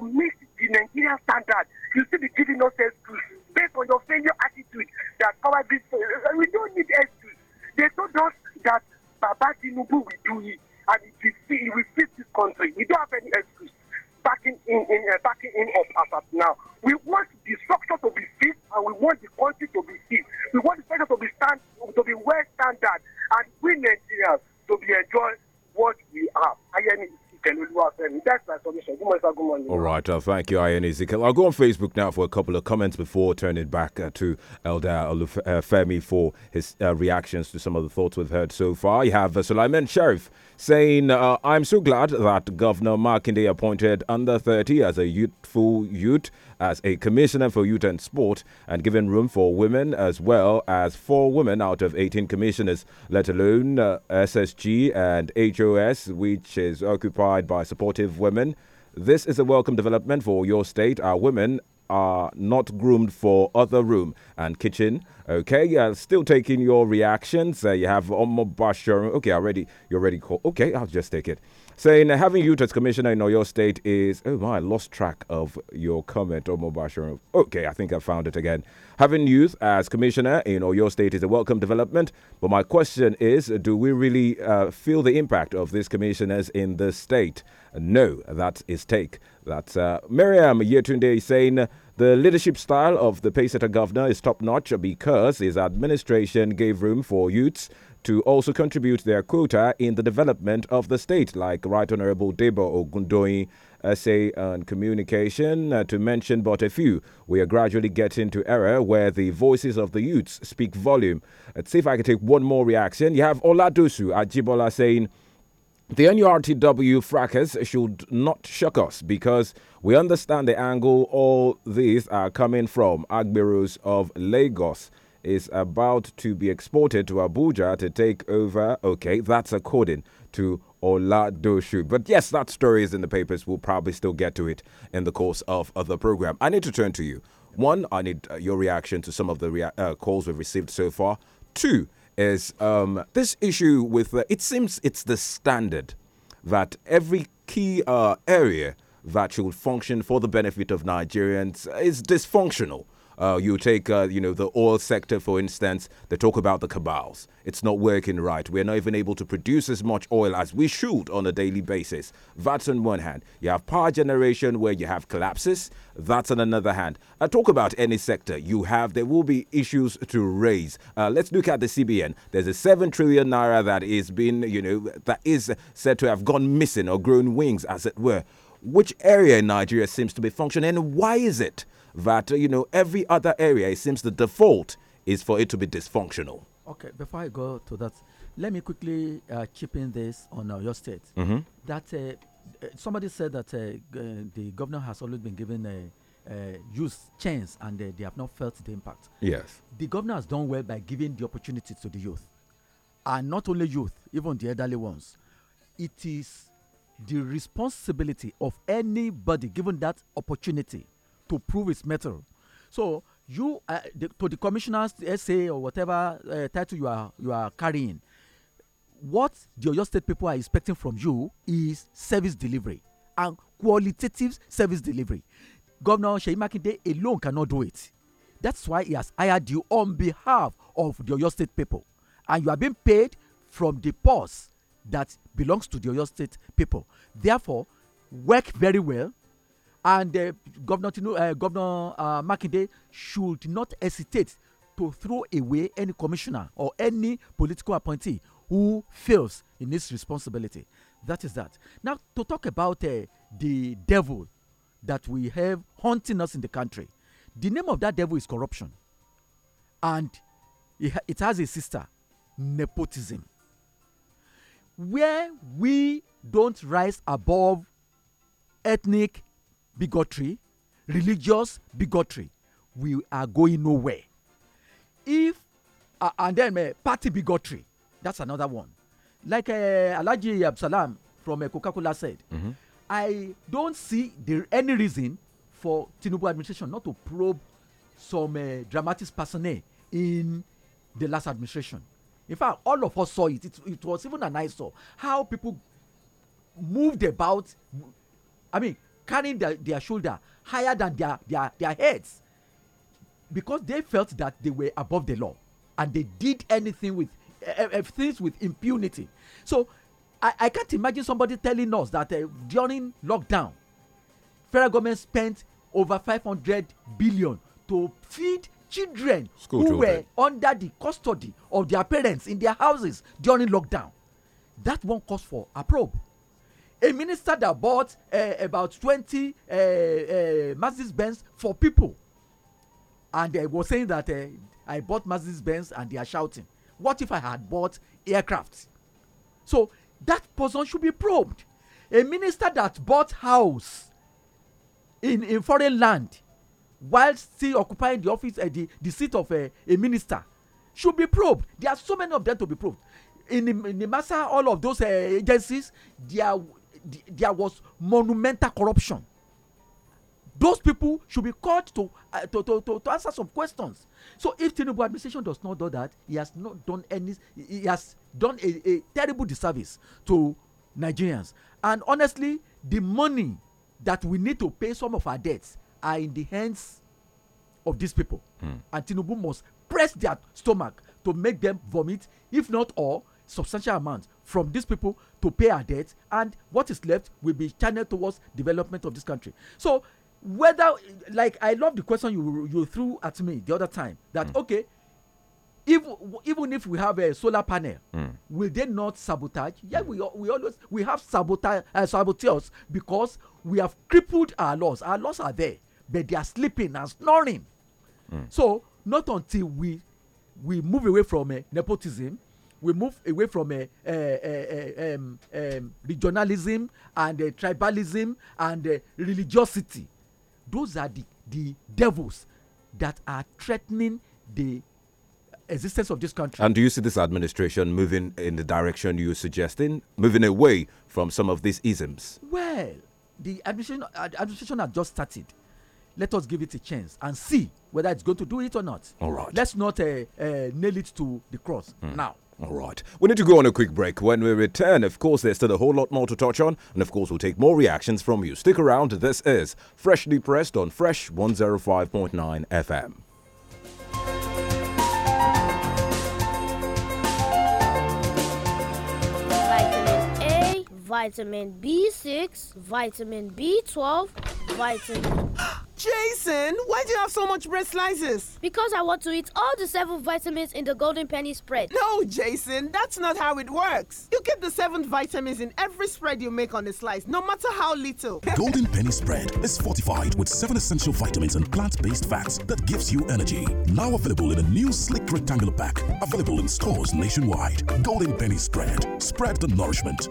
mis Thank you, Ian Ezekiel. I'll go on Facebook now for a couple of comments before turning back uh, to Elder Olufemi for his uh, reactions to some of the thoughts we've heard so far. You have uh, Sulaiman Sheriff saying, uh, I'm so glad that Governor Markinde appointed under 30 as a youthful youth as a commissioner for youth and sport and given room for women as well as four women out of 18 commissioners, let alone uh, SSG and HOS, which is occupied by supportive women. This is a welcome development for your state. Our women are not groomed for other room and kitchen. Okay, yeah, still taking your reactions. Uh, you have Omo Bashir. Okay, already you're ready. Call. Okay, I'll just take it. Saying uh, having you as commissioner in your state is oh my, I lost track of your comment, Omo Bashir. Okay, I think I found it again. Having youth as commissioner in your state is a welcome development, but my question is, do we really uh, feel the impact of these commissioners in the state? No, that's take. That's uh, Miriam Yetunde saying the leadership style of the Paysetter governor is top notch because his administration gave room for youths to also contribute their quota in the development of the state, like Right Honorable Debo Ogundoyi essay uh, and communication uh, to mention but a few. We are gradually getting to era where the voices of the youths speak volume. Let's uh, see if I can take one more reaction. You have at Ajibola saying, the NURTW fracas should not shock us because we understand the angle all these are coming from. Agbiros of Lagos is about to be exported to Abuja to take over. Okay, that's according to Oladoshu. But yes, that story is in the papers. We'll probably still get to it in the course of, of the program. I need to turn to you. One, I need uh, your reaction to some of the uh, calls we've received so far. Two, is um, this issue with uh, it seems it's the standard that every key uh, area that should function for the benefit of Nigerians is dysfunctional. Uh, you take, uh, you know, the oil sector, for instance, they talk about the cabals. It's not working right. We're not even able to produce as much oil as we should on a daily basis. That's on one hand. You have power generation where you have collapses. That's on another hand. I uh, talk about any sector you have, there will be issues to raise. Uh, let's look at the CBN. There's a 7 trillion naira that is being, you know, that is said to have gone missing or grown wings, as it were. Which area in Nigeria seems to be functioning and why is it? that, you know, every other area, it seems the default is for it to be dysfunctional. Okay, before I go to that, let me quickly uh, chip in this on uh, your state. Mm -hmm. That uh, uh, somebody said that uh, uh, the governor has always been given a, youth use chance and they have not felt the impact. Yes. The governor has done well by giving the opportunity to the youth. And not only youth, even the elderly ones. It is the responsibility of anybody given that opportunity to prove its metal. So you uh, the, to the commissioner's essay or whatever uh, title you are you are carrying, what the Oyo State people are expecting from you is service delivery and qualitative service delivery. Governor Seyi Makinde alone cannot do it. That's why he has hired you on behalf of the Oyo State people, and you are being paid from the purse that belongs to the Oyo State people. Therefore, work very well and uh, governor Tino, uh, governor uh, Makinde should not hesitate to throw away any commissioner or any political appointee who fails in his responsibility that is that now to talk about uh, the devil that we have haunting us in the country the name of that devil is corruption and it has a sister nepotism where we don't rise above ethnic bigotry, religious bigotry, we are going nowhere. If uh, and then uh, party bigotry, that's another one. Like uh, Alaji Absalam from uh, Coca-Cola said, mm -hmm. I don't see there any reason for Tinubu administration not to probe some uh, dramatic personae in the last administration. In fact, all of us saw it. It, it was even an eyesore how people moved about. I mean, carrying their, their shoulder higher than their, their, their heads because they felt that they were above the law and they did anything with uh, things with impunity. So I, I can't imagine somebody telling us that uh, during lockdown, federal government spent over 500 billion to feed children School who children. were under the custody of their parents in their houses during lockdown. That won't cause for a probe a minister that bought uh, about 20 uh, uh, Mercedes Benz for people and they were saying that uh, I bought Mercedes Benz and they are shouting. What if I had bought aircraft? So that person should be probed. A minister that bought house in in foreign land while still occupying the office uh, the, the seat of uh, a minister should be probed. There are so many of them to be probed. In the, in the all of those uh, agencies, are there was monumental corruption those people should be called to, uh, to, to, to, to, answer some questions. So if Tinubu administration does not do that, he has not done any, he has done a, a terrible disservice to Nigerians. And honestly, the money that we need to pay some of our debts are in the hands of these people. Mm. And Tinubu must press their stomach to make them vomit, if not all, substantial amounts from these people to pay our debts, and what is left will be channeled towards development of this country. So whether like I love the question you you threw at me the other time that mm. okay, even even if we have a solar panel, mm. will they not sabotage? Yeah, we we always we have sabotage uh, saboteurs because we have crippled our laws. Our laws are there, but they are sleeping and snoring. Mm. So not until we we move away from uh, nepotism we move away from uh, uh, um, um, regionalism and eh, tribalism and eh, religiosity those are the the devils that are threatening the existence of this country. And do you see this administration moving in the direction you're suggesting, moving away from some of these isms? Well, the administration, uh, administration has just started. Let us give it a chance and see whether it's going to do it or not. All right. Let's not uh, uh, nail it to the cross mm. now. All right. We need to go on a quick break. When we return, of course, there's still a whole lot more to touch on. And of course, we'll take more reactions from you. Stick around. This is Freshly Pressed on Fresh 105.9 FM. Vitamin A, vitamin B6, vitamin B12, vitamin. Jason, why do you have so much bread slices? Because I want to eat all the seven vitamins in the golden penny spread. No, Jason, that's not how it works. You get the seven vitamins in every spread you make on a slice, no matter how little. golden penny spread is fortified with seven essential vitamins and plant-based fats that gives you energy. Now available in a new sleek rectangular pack, available in stores nationwide. Golden penny spread. Spread the nourishment.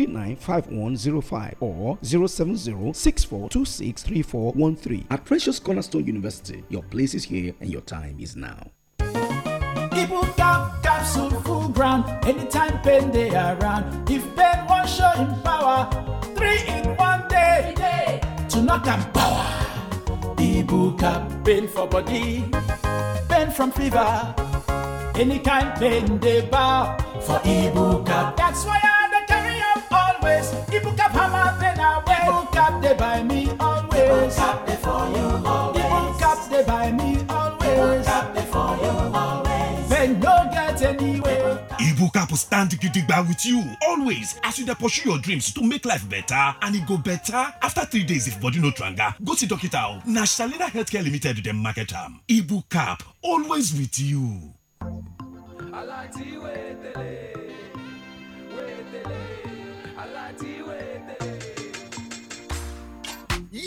395105 or 070 At Precious Cornerstone University, your place is here and your time is now. full ground. Anytime they around. If show in power, three in one day. day. To knock and power. Ibu cap, pain for body, pain from fever. Any kind pain they for Ibu That's why I always. Ibu cap hammer then I wear. Ibu cap they buy me always. Ibu cap they for you always. Ibu cap they buy me always. Ibu cap they for you always. Men no get anywhere. Ibu cap will stand gidigba with you always as you pursue your dreams to make life better and it e go better after three days if body no tranga go see doctor o na shalina healthcare limited dem market am ibu cap always with you. aláàtìwé tẹ̀lé.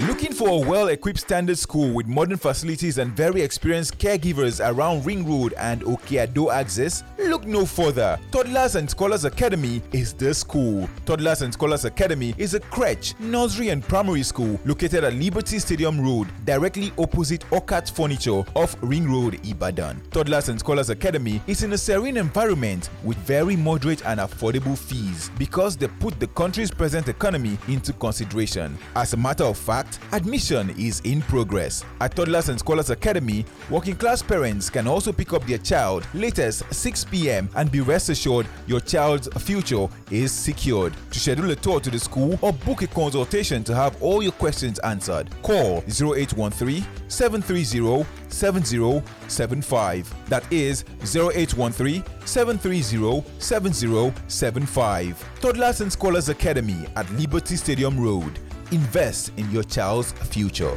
Looking for a well equipped standard school with modern facilities and very experienced caregivers around Ring Road and Okeado access? Look no further. Toddlers and Scholars Academy is the school. Toddlers and Scholars Academy is a crèche, nursery, and primary school located at Liberty Stadium Road, directly opposite Okat Furniture off Ring Road, Ibadan. Toddlers and Scholars Academy is in a serene environment with very moderate and affordable fees because they put the country's present economy into consideration. As a matter of fact, admission is in progress. At Toddlers and Scholars Academy, working class parents can also pick up their child latest 6 p.m. and be rest assured your child's future is secured. To schedule a tour to the school or book a consultation to have all your questions answered, call 0813 730 7075. That is 0813 730 7075. Toddlers and Scholars Academy at Liberty Stadium Road invest in your child's future.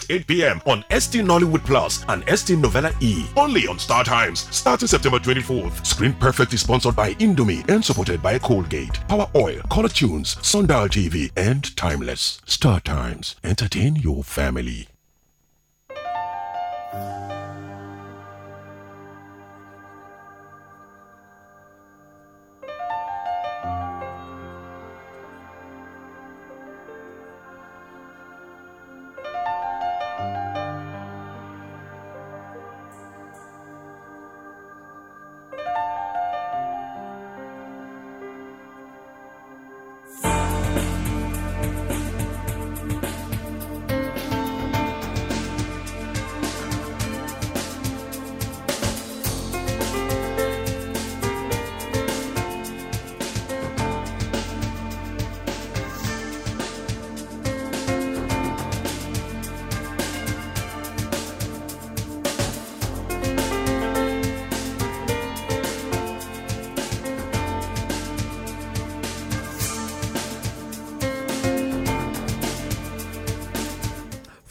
at 8 p.m. on ST Nollywood Plus and ST Novella E. Only on Star Times, starting September 24th. Screen Perfect is sponsored by Indomie and supported by Colgate, Power Oil, Color Tunes, Sundial TV, and Timeless. Star Times, entertain your family.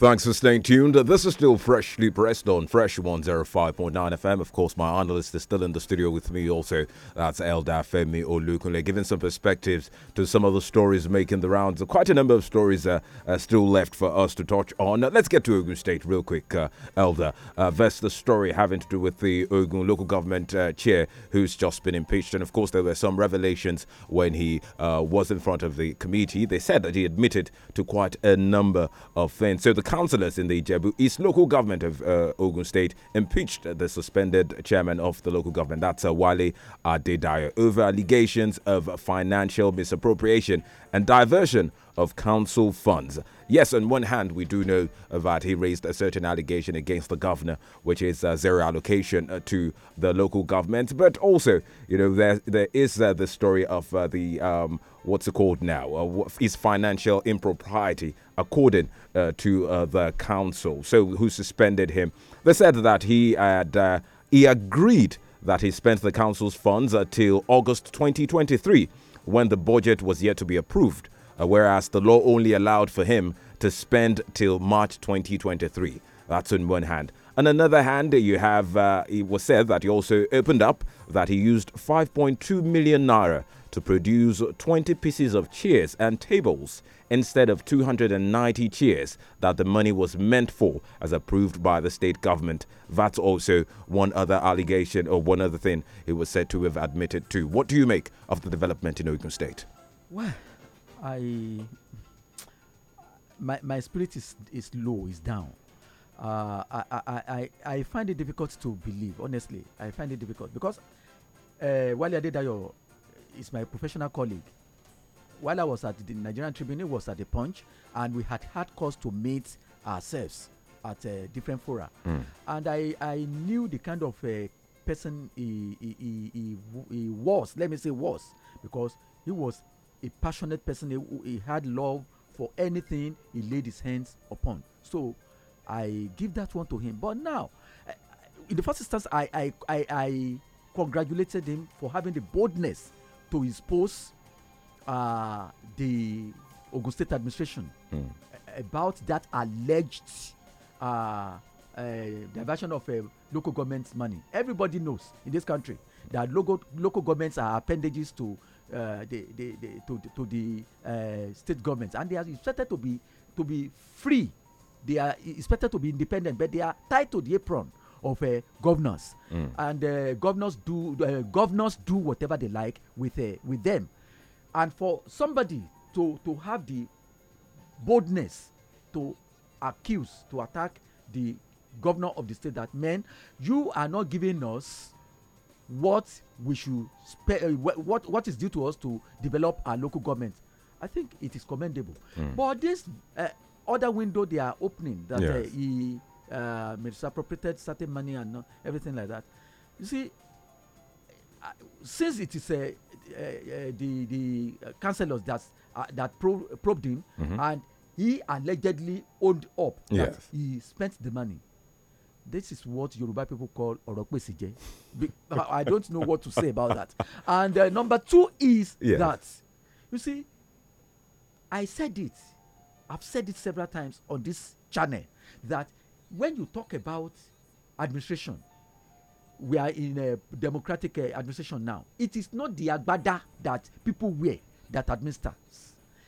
Thanks for staying tuned. This is still freshly pressed on Fresh 105.9 FM. Of course, my analyst is still in the studio with me also. That's Eldar Femi Olukunle, giving some perspectives to some of the stories making the rounds. Quite a number of stories uh, uh, still left for us to touch on. Let's get to Ogun State real quick, uh, Elder. Uh, that's the story having to do with the Ogun local government uh, chair who's just been impeached. And of course, there were some revelations when he uh, was in front of the committee. They said that he admitted to quite a number of things. So the councillors in the Ijebu East local government of uh, Ogun State impeached the suspended chairman of the local government, that's uh, Wale Adedayo, over allegations of financial misappropriation and diversion of council funds. Yes, on one hand, we do know that he raised a certain allegation against the governor, which is uh, zero allocation uh, to the local government. But also, you know, there there is uh, the story of uh, the um, what's it called now? Uh, financial impropriety according uh, to uh, the council? So who suspended him? They said that he had he agreed that he spent the council's funds until August 2023 when the budget was yet to be approved. Uh, whereas the law only allowed for him to spend till March 2023. That's on one hand. On another hand, you have uh, it was said that he also opened up that he used 5.2 million naira to produce 20 pieces of chairs and tables instead of 290 chairs that the money was meant for, as approved by the state government. That's also one other allegation or one other thing he was said to have admitted to. What do you make of the development in Ogun State? Well, I my my spirit is is low, is down. Uh, I, I I I find it difficult to believe. Honestly, I find it difficult because uh, Wale Adedayo is my professional colleague. While I was at the Nigerian Tribune, was at the Punch, and we had had cause to meet ourselves at uh, different fora. Mm. And I I knew the kind of uh, person he, he he, he was. Let me say was because he was a passionate person, a, he had love for anything he laid his hands upon. So I give that one to him. But now, eh, in the first instance, I, I, I, I congratulated him for having the boldness to expose uh, the Ogun State administration mm. about that alleged uh, uh, diversion of eh, local government money. Everybody knows in this country that local, local governments are appendages to Uh, the, the, to, to the uh, state governments, and they are expected to be to be free. They are expected to be independent, but they are tied to the apron of uh, governors, mm. and uh, governors do uh, governors do whatever they like with with them. And for somebody to to have the boldness to accuse to attack the governor of the state that meant you are not giving us what we should uh, what what is due to us to develop our local government i think it is commendable mm. but this uh, other window they are opening that uh, yes. uh, he uh, misappropriated certain money and uh, everything like that you see uh, since it is the the councillors that that pro probed him mm -hmm. and he allegedly owned up yes. that he spent the money this is what Yoruba people call Oropesije. I don't know what to say about that. And uh, number two is yes. that, you see, I said it, I've said it several times on this channel, that when you talk about administration, we are in a democratic uh, administration now. It is not the agbada that people wear that administers.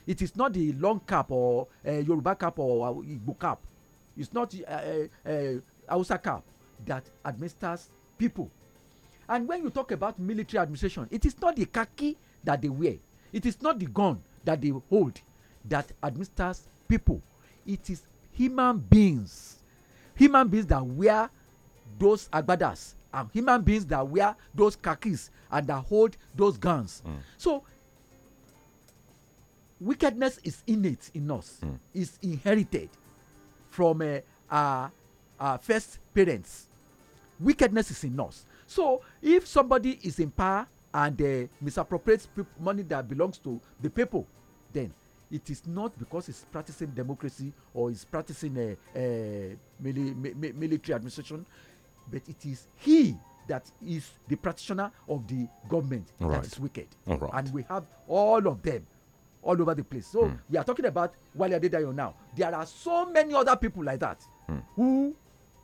It is not the long cap or uh, Yoruba cap or uh, Igbo cap. It's not uh, uh, uh Ausaka that administers people. And when you talk about military administration, it is not the khaki that they wear, it is not the gun that they hold that administers people. It is human beings, human beings that wear those agbadas and human beings that wear those khakis and that hold those guns. Mm. So wickedness is innate in us, mm. is inherited from uh, our uh, first parents. Wickedness is in us. So if somebody is in power and uh, misappropriates money that belongs to the people, then it is not because he's practicing democracy or he's practicing a, uh, a uh, mili mi military administration, but it is he that is the practitioner of the government all that right. is wicked. Right. And we have all of them all over the place. So mm. we are talking about Wale Adedayo now. There are so many other people like that mm. who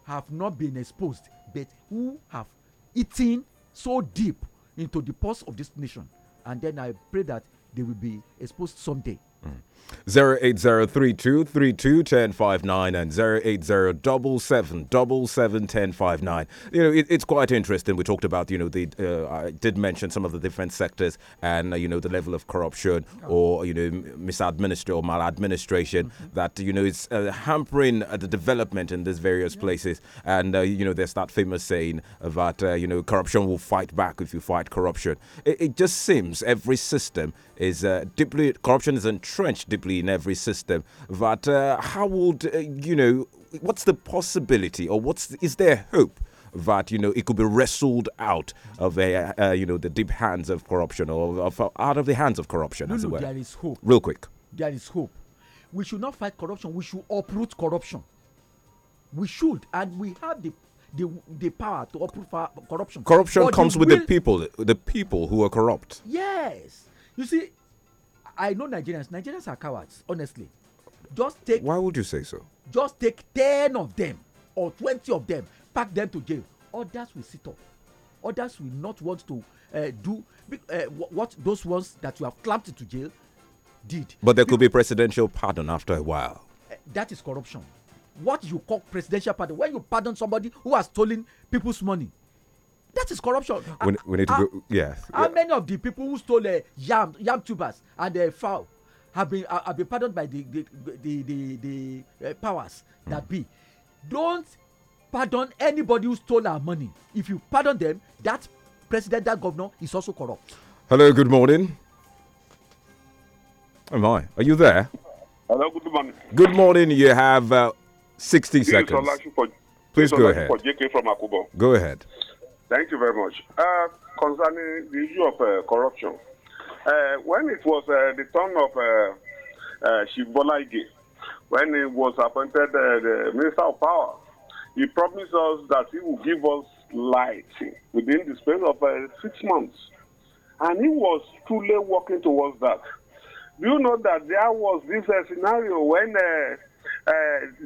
have not been exposed but who have eaten so deep into the pulse of this nation and then i pray that they will be exposed someday. Mm. 08032321059 and 08077771059. You know, it, it's quite interesting. We talked about, you know, the uh, I did mention some of the different sectors and, uh, you know, the level of corruption or, you know, misadministration or maladministration mm -hmm. that, you know, is uh, hampering uh, the development in these various yeah. places. And, uh, you know, there's that famous saying that, uh, you know, corruption will fight back if you fight corruption. It, it just seems every system is uh, deeply corruption is entrenched deeply in every system. But uh, how would uh, you know? What's the possibility, or what's is there hope that you know it could be wrestled out of a uh, you know the deep hands of corruption, or of, out of the hands of corruption, as it were? There is hope. Real quick. There is hope. We should not fight corruption. We should uproot corruption. We should, and we have the the the power to uproot corruption. Corruption but comes with will, the people, the people who are corrupt. Yes, you see, I know Nigerians. Nigerians are cowards, honestly. Just take. Why would you say so? Just take 10 of them or 20 of them, pack them to jail. Others will sit up. Others will not want to uh, do uh, what those ones that you have clamped to jail did. But there could be presidential pardon after a while. Uh, that is corruption. What you call presidential pardon, when you pardon somebody who has stolen people's money, that is corruption. We, we need to uh, go, yes. How yeah. many of the people who stole uh, yam, yam tubers and uh, fowl have been uh, have been pardoned by the the the the, the uh, powers mm. that be? Don't pardon anybody who stole our money. If you pardon them, that president, that governor is also corrupt. Hello, good morning. Am oh I? Are you there? Hello, good morning. Good morning. You have uh, 60 seconds. Please, Please go ahead. Go ahead. Thank you very much. Uh, concerning the issue of uh, corruption, uh, when it was uh, the turn of uh, uh, when he was appointed uh, the Minister of Power, he promised us that he would give us light within the space of uh, six months. And he was truly working towards that. Do you know that there was this scenario when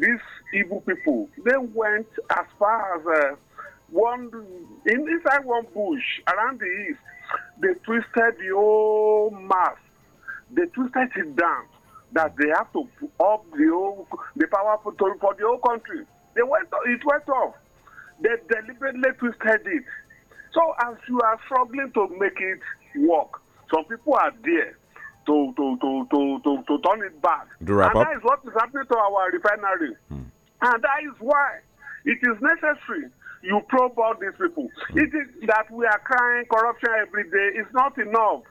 these evil people, they went as far as one in inside one bush around the east they twisted the whole mass they twisted it down that they have to up the whole the power for, for the whole country they went it went off they deliberately twisted it so as you are struggling to make it work some people are there to to to to to, to turn it back and up. that is what is happening to our refinery hmm. and that is why it is necessary you probe all these people. Hmm. It is that we are crying corruption every day. It's not enough.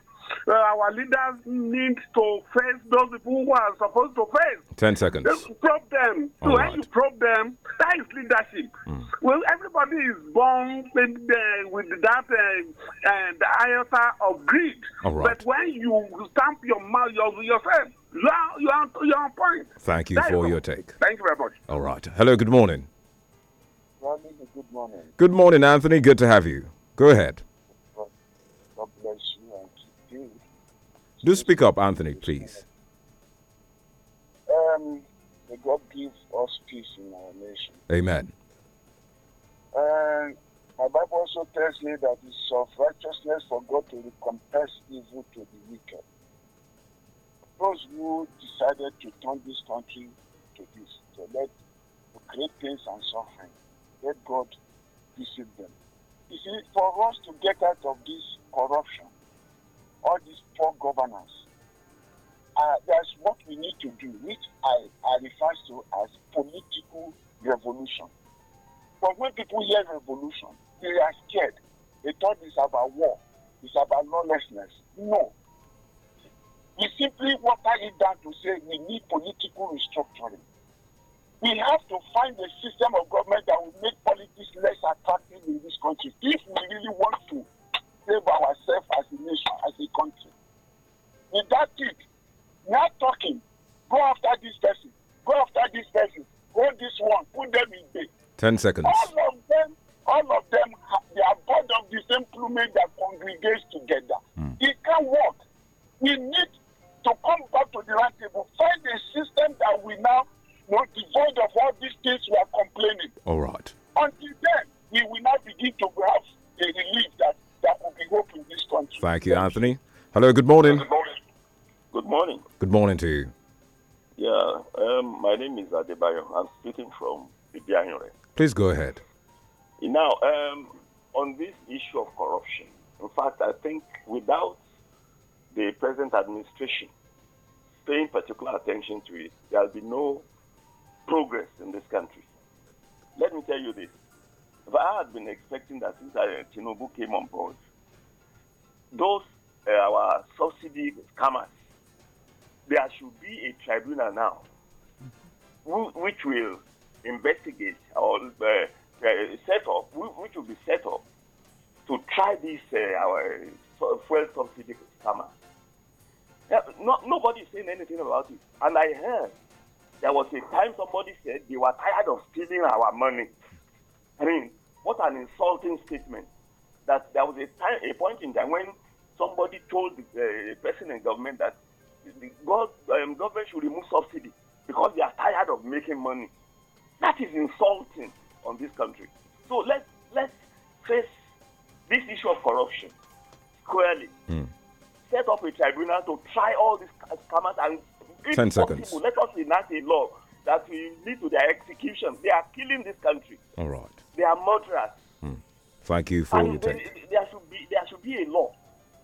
Uh, our leaders need to face those people who are supposed to face. Ten seconds. Just probe them. So right. when you probe them, that is leadership. Mm. Well, everybody is born with, with that uh, uh, the iota of greed. Right. But when you stamp your mouth yourself, you are, you are, you are on point. Thank you that for your take. Thank you very much. All right. Hello. Good morning. Morning, good morning. Good morning, Anthony. Good to have you. Go ahead. God bless you and keep you. Do speak up, Anthony, please. Um, may God give us peace in our nation. Amen. And uh, my Bible also tells me that it's of righteousness for God to recompense evil to the wicked. Those who decided to turn this country to this, to let to create pains and suffering, let God visit them. You see, for us to get out of this corruption, all this poor governance, uh, that's what we need to do, which I, I refer to as political revolution. But when people hear revolution, they are scared. They thought it's about war, it's about lawlessness. No. We simply water it down to say we need political restructuring. We have to find a system of government that will make politics less attractive in this country if we really want to save ourselves as a nation, as a country. With that it, not talking, go after this person, go after this person, go this one, put them in jail. Ten seconds. All of them, all of them, they are part of the same plumage that congregates together. Mm. It can't work. We need to come back to the right table, find a system that we now devoid of all these things we are complaining. All right. Until then, we will not begin to have a relief that, that will be hope in this country. Thank you, Anthony. Hello, good morning. Good morning. Good morning. Good morning to you. Yeah, um, my name is Adebayo. I'm speaking from Ibianure. Please go ahead. Now, um, on this issue of corruption, in fact, I think without the present administration paying particular attention to it, there'll be no progress in this country. Let me tell you this. If I had been expecting that since uh, Tinubu came on board, those uh, our subsidy scammers, there should be a tribunal now which will investigate or uh, uh set up, which will be set up to try these uh, our uh, fuel subsidy scammers. Yeah, no, nobody is saying anything about it. And I heard there was a time somebody said they were tired of stealing our money. I mean, what an insulting statement. That there was a time, a point in time when somebody told the uh, person in government that the um, government should remove subsidy because they are tired of making money. That is insulting on this country. So let let's face this issue of corruption squarely. Mm. Set up a tribunal to try all these scammers and Ten seconds. Possible, let us enact a law that will lead to their execution. They are killing this country. All right. They are murderers. Hmm. Thank you for and your they, take. There should be there should be a law.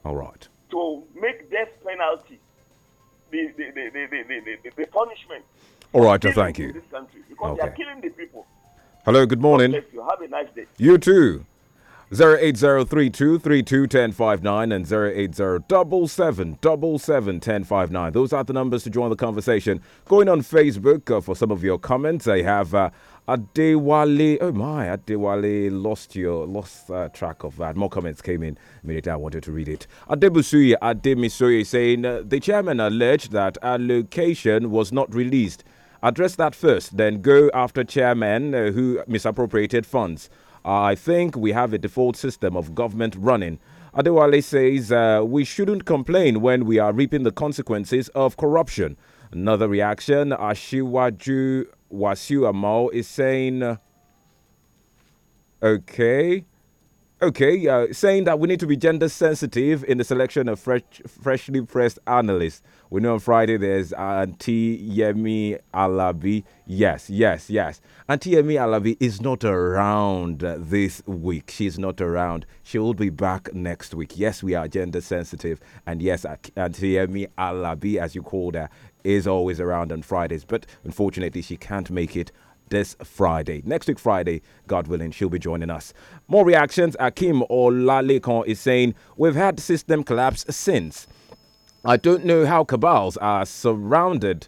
All right. To make death penalty the the, the, the, the, the punishment. All right. Oh, thank you. This country because okay. they are killing the people. Hello. Good morning. You. Have a nice day. You too. 08032321059 and 08077771059. Those are the numbers to join the conversation. Going on Facebook uh, for some of your comments, I have uh, Adewale. Oh my, Adewale lost your lost uh, track of that. More comments came in immediately. I wanted to read it. Adebusuye Ademisoye saying uh, the chairman alleged that allocation was not released. Address that first, then go after chairman uh, who misappropriated funds. I think we have a default system of government running. Adewale says, uh, We shouldn't complain when we are reaping the consequences of corruption. Another reaction, Ashiwaju Wasu Amal is saying, Okay. Okay, uh, saying that we need to be gender sensitive in the selection of fresh, freshly pressed analysts. We know on Friday there's Auntie Yemi Alabi. Yes, yes, yes. Auntie Yemi Alabi is not around this week. She's not around. She will be back next week. Yes, we are gender sensitive. And yes, Auntie Yemi Alabi, as you called her, is always around on Fridays. But unfortunately, she can't make it this Friday. Next week, Friday, God willing, she'll be joining us. More reactions. Akim Olalekan is saying, We've had system collapse since. I don't know how cabals are surrounded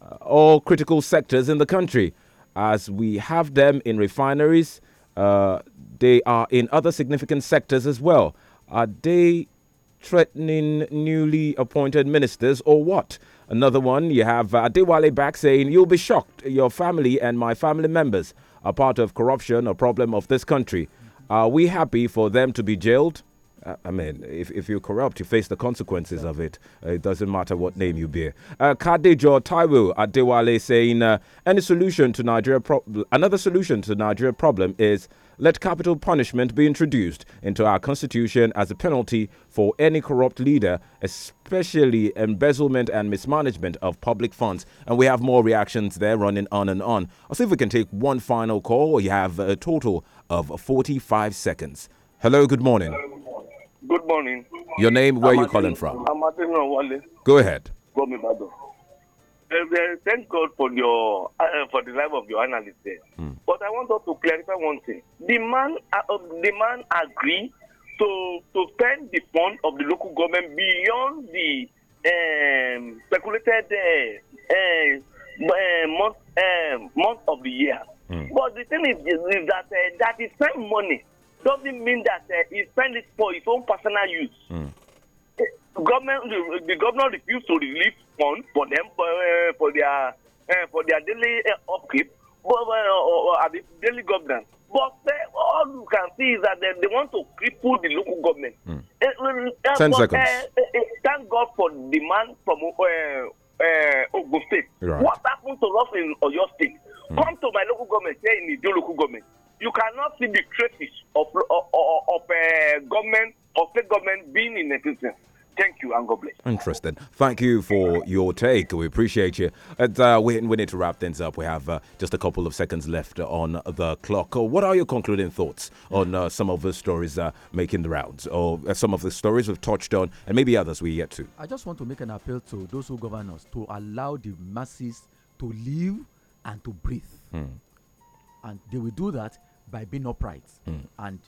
uh, all critical sectors in the country, as we have them in refineries. Uh, they are in other significant sectors as well. Are they threatening newly appointed ministers or what? Another one, you have uh, back saying, You'll be shocked. Your family and my family members are part of corruption, a problem of this country. Are we happy for them to be jailed? I mean, if, if you corrupt, you face the consequences yeah. of it. Uh, it doesn't matter what name you bear. Uh, Kadejo Taiwo Adewale saying, uh, any solution to Nigeria another solution to Nigeria problem is let capital punishment be introduced into our constitution as a penalty for any corrupt leader, especially embezzlement and mismanagement of public funds. And we have more reactions there running on and on. I'll see if we can take one final call. You have a total of 45 seconds. Hello, good morning. Hello. Good morning. Your name, where are you calling from? I'm Adino Wale. Go ahead. Uh, thank God for your uh, for the life of your analyst there. Mm. But I want us to clarify one thing. The man, uh, uh the man agreed to to spend the fund of the local government beyond the um, speculated uh, uh, month month of the year. Mm. But the thing is, is that that is spent money doesn't mean that uh, he spent it for his own personal use. Mm. The government, the, the governor refused to release funds for them for, uh, for their uh, for their daily upkeep, but uh, the daily governance. But all you can see is that they, they want to cripple the local government. Mm. Ten but, seconds. thank God for demand from uh, Ogun State. Right. What happened to us in Oyo State? Mm. Come to my local government here in the local government you cannot see the traces of, of, of uh, government or state government being in existence. Thank you and God bless. Interesting. Thank you for your take. We appreciate you. And, uh, we, we need to wrap things up. We have uh, just a couple of seconds left on the clock. Uh, what are your concluding thoughts on uh, some of the stories uh, making the rounds or uh, some of the stories we've touched on and maybe others we yet to? I just want to make an appeal to those who govern us to allow the masses to live and to breathe. Hmm. And they will do that by being upright mm. and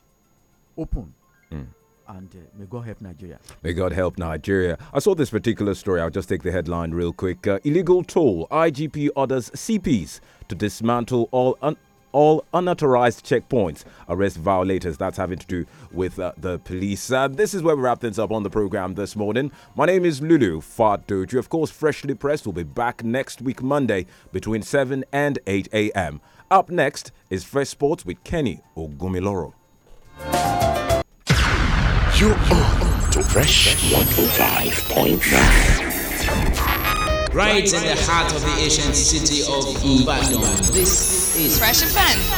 open. Mm. And uh, may God help Nigeria. May God help Nigeria. I saw this particular story. I'll just take the headline real quick. Uh, illegal toll. IGP orders CPs to dismantle all un all unauthorized checkpoints, arrest violators. That's having to do with uh, the police. Uh, this is where we wrap things up on the program this morning. My name is Lulu Fadoju. Of course, Freshly Pressed will be back next week, Monday, between 7 and 8 a.m. Up next is Fresh Sports with Kenny Ogumiloro. You're on to Fresh 105.9. Right in the heart of the ancient city of Ibadan, this is Fresh Offense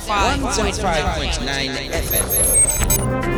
105.9 FM.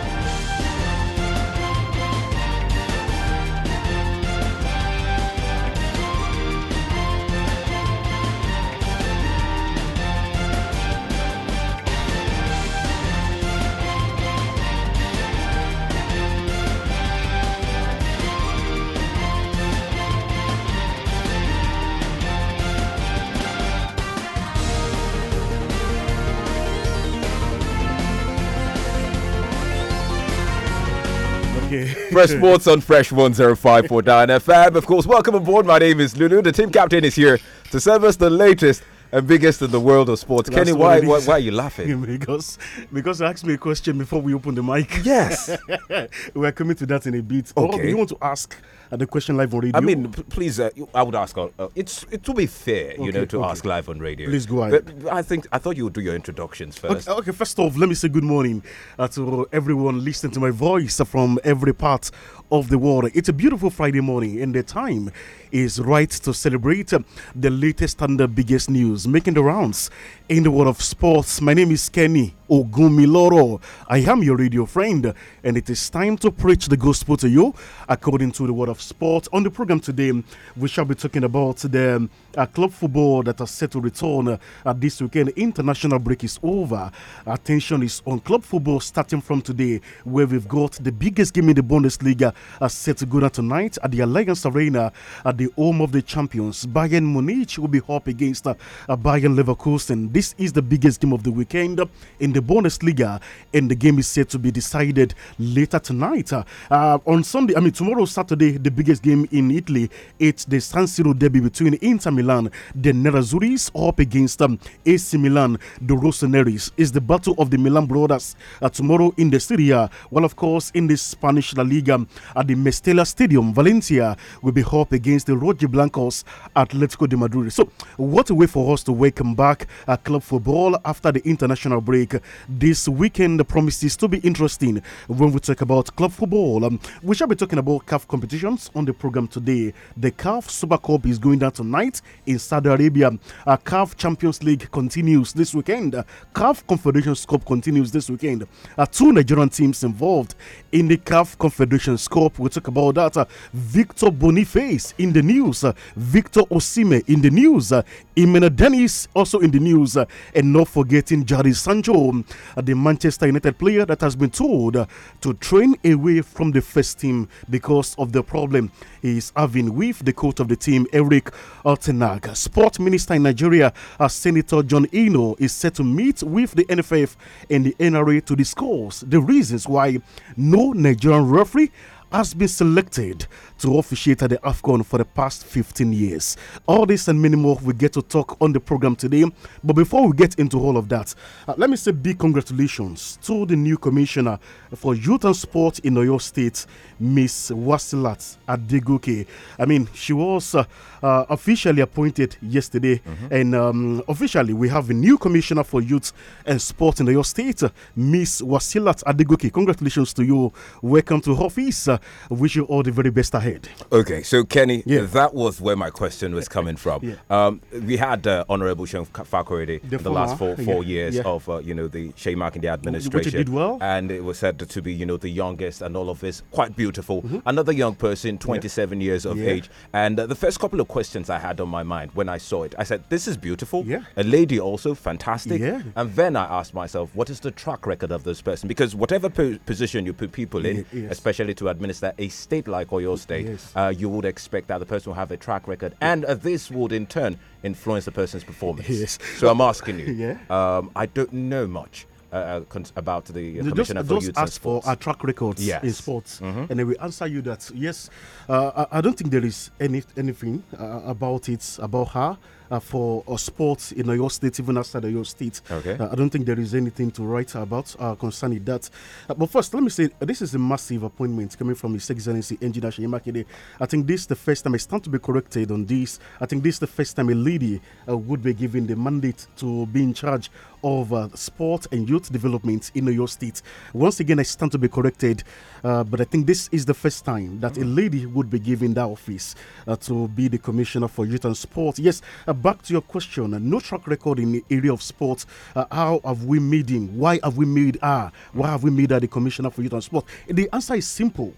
Fresh Sports on Fresh 105.9 FM. Of course, welcome aboard. My name is Lulu. The team captain is here to serve us the latest and biggest in the world of sports. That's Kenny, why, why, why are you laughing? Because because you asked me a question before we opened the mic. Yes, we're coming to that in a bit. Okay, do you want to ask uh, the question live on radio? I mean, please, uh, I would ask. Uh, uh, it's it to be fair, okay, you know, to okay. ask live on radio. Please go ahead. But I think I thought you would do your introductions first. Okay, okay first off, let me say good morning uh, to everyone listening to my voice from every part of the world. It's a beautiful Friday morning, and the time is right to celebrate the latest and the biggest news making the rounds in the world of sports. My name is Kenny Ogumiloro. I am your radio friend, and it is time to preach the gospel to you according to the word of sports. On the program today, we shall be talking about the uh, club football that are set to return uh, this weekend. International break is over. Attention is on club football starting from today, where we've got the biggest game in the Bundesliga uh, set to go down tonight at the Allianz Arena at the home of the champions. Bayern Munich will be up against uh, uh, Bayern Leverkusen. This is the biggest game of the weekend in the Bundesliga, and the game is set to be decided later tonight. on Sunday, I mean, tomorrow, Saturday, the biggest game in Italy, it's the San Siro derby between Inter Milan Milan. The Nerazzurri's up against um, AC Milan, the Rossoneri's. is the battle of the Milan brothers uh, tomorrow in the Serie Well, of course, in the Spanish La Liga um, at the Mestella Stadium, Valencia will be up against the Roger Blancos Atletico de Madrid. So, what a way for us to welcome back uh, club football after the international break. This weekend promises to be interesting when we talk about club football. Um, we shall be talking about CAF competitions on the program today. The CAF Super Cup is going down tonight in Saudi Arabia. Uh, CAF Champions League continues this weekend. Uh, CAF Confederations Cup continues this weekend. Uh, two Nigerian teams involved in the CAF Confederations Cup. We'll talk about that. Uh, Victor Boniface in the news. Uh, Victor Osime in the news. Uh, Imena Dennis also in the news. Uh, and not forgetting Jari Sancho, um, uh, the Manchester United player that has been told to train away from the first team because of the problem he's having with the coach of the team, Eric Alten. Nag. Sport Minister in Nigeria, uh, Senator John Eno, is set to meet with the NFF and the NRA to discuss the reasons why no Nigerian referee has been selected to officiate at the AFCON for the past 15 years. All this and many more we get to talk on the program today. But before we get into all of that, uh, let me say big congratulations to the new commissioner for youth and sport in Oyo State, Miss Wasilat Adeguke. I mean, she was uh, uh, officially appointed yesterday, mm -hmm. and um, officially we have a new commissioner for youth and sport in Oyo State, uh, Miss Wasilat Adeguke. Congratulations to you. Welcome to office. Uh, wish you all the very best ahead. Okay, so Kenny, yeah. that was where my question was coming from. yeah. um, we had uh, Honorable Sean Fakorede the, the last four four yeah. years of uh, you know the Shane the administration, did well, and it was said to be you know the youngest and all of this. Quite beautiful. Mm -hmm. Another young person, 27 years of age, and uh, the first couple of questions I had on my mind when I saw it, I said, "This is beautiful." Yeah. A lady also fantastic. Yeah. And then I asked myself, "What is the track record of this person?" Because whatever po position you put people in, yes. especially to administer Minister, a state like Oyo State, yes. uh, you would expect that the person will have a track record, and uh, this would in turn influence the person's performance. Yes. So I'm asking you. yeah. Um, I don't know much. Uh, uh about the uh, commissioner just, for just ask for our track records yes. in sports, mm -hmm. and they will answer you that yes. Uh, I, I, don't think there is any anything uh, about it about her uh, for uh, sports in your state, even outside your state. Okay. Uh, I don't think there is anything to write about uh, concerning that. Uh, but first, let me say this is a massive appointment coming from His Excellency Engineer Shimakide. I think this is the first time I stand to be corrected on this. I think this is the first time a lady would be given the mandate to be in charge of sport and youth development in your state. Once again, I stand to be corrected. Uh, but I think this is the first time that a lady would be given that office uh, to be the commissioner for youth and sports. Yes, uh, back to your question, uh, no track record in the area of sports. Uh, how have we made him? Why have we made her? Why have we made her the commissioner for youth and sports? The answer is simple.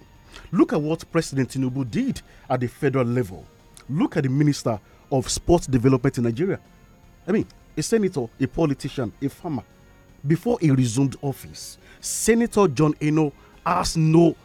Look at what President Tinubu did at the federal level. Look at the minister of sports development in Nigeria. I mean, a senator, a politician, a farmer. Before he resumed office, Senator John Eno has no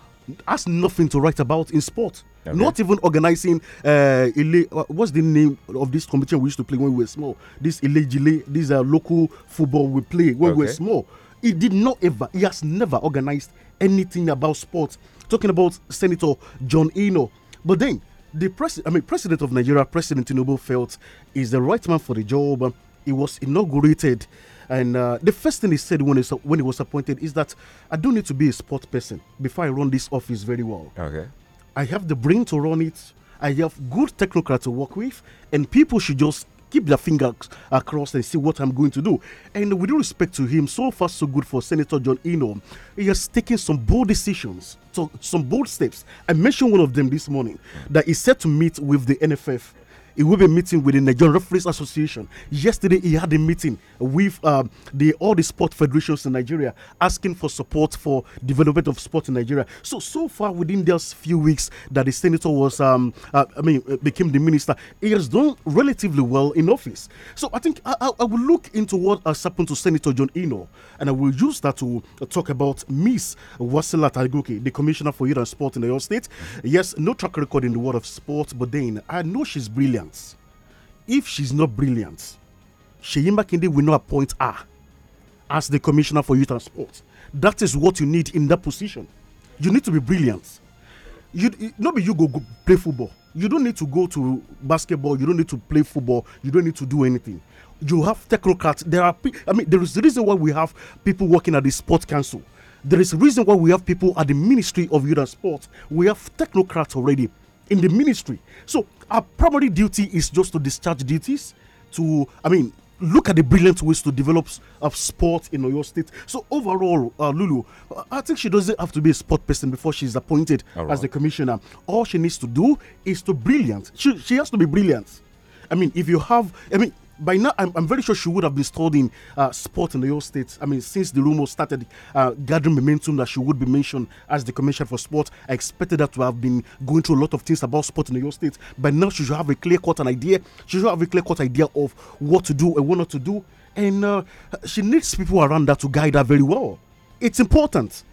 has nothing to write about in sport. Okay. Not even organizing uh, uh, what's the name of this competition we used to play when we were small? This allegedly, these are uh, local football we play when okay. we were small. He did not ever, he has never organized anything about sports. Talking about Senator John Eno. But then, the president, I mean, president of Nigeria, President Tinubu felt is the right man for the job. He was inaugurated and uh, the first thing he said when he, when he was appointed is that I do need to be a sport person before I run this office very well. Okay. I have the brain to run it. I have good technocrats to work with, and people should just keep their fingers across and see what I'm going to do. And with respect to him, so far so good for Senator John Eno. He has taken some bold decisions, so some bold steps. I mentioned one of them this morning mm. that he said to meet with the NFF he will be meeting with the Nigerian Referees Association. Yesterday, he had a meeting with um, the all the sport federations in Nigeria, asking for support for development of sport in Nigeria. So so far, within just few weeks that the senator was, um, uh, I mean, uh, became the minister, he has done relatively well in office. So I think I, I, I will look into what has happened to Senator John Eno, and I will use that to talk about Miss Wasila Taguki, the commissioner for youth and sport in the State. Yes, no track record in the world of sport, but then I know she's brilliant. If she's not brilliant, Sheyima Kinde will not appoint her as the commissioner for youth and sports. That is what you need in that position. You need to be brilliant. You nobody you go, go play football. You don't need to go to basketball. You don't need to play football. You don't need to do anything. You have technocrats. There are, I mean, there is the reason why we have people working at the sports council. There is a reason why we have people at the Ministry of Youth and Sports. We have technocrats already in the ministry. So our primary duty is just to discharge duties. To I mean, look at the brilliant ways to develop of uh, sport in your state. So overall, uh, Lulu, uh, I think she doesn't have to be a sport person before she's appointed right. as the commissioner. All she needs to do is to brilliant. She she has to be brilliant. I mean, if you have, I mean, by now, I'm, I'm, very sure she would have been studying uh, sport in the United States. I mean, since the rumor started uh, gathering momentum that she would be mentioned as the commissioner for sport, I expected that to have been going through a lot of things about sport in the United States. By now, she should have a clear cut an idea. She should have a clear cut idea of what to do and what not to do. And uh, she needs people around her to guide her very well. It's important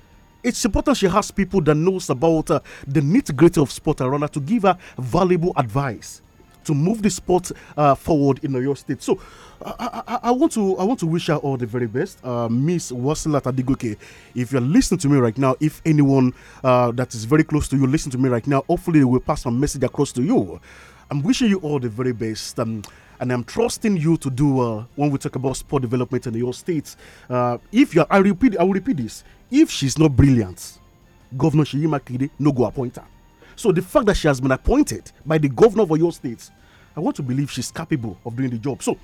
it's important she has people that knows about uh, the nitty-gritty of sport around her to give her valuable advice to move the sport uh, forward in your State. So, I, I, I, want to I want to wish her all the very best, uh, Miss Wasila Tadigoke. If you're listening to me right now, if anyone uh, that is very close to you listen to me right now, hopefully they will pass some message across to you. I'm wishing you all the very best. Um, and I'm trusting you to do well uh, when we talk about sport development in your state. Uh, if you're, I repeat, I will repeat this. If she's not brilliant, Governor Shiyima Kide, no go appoint her. So the fact that she has been appointed by the governor of your state, I want to believe she's capable of doing the job. So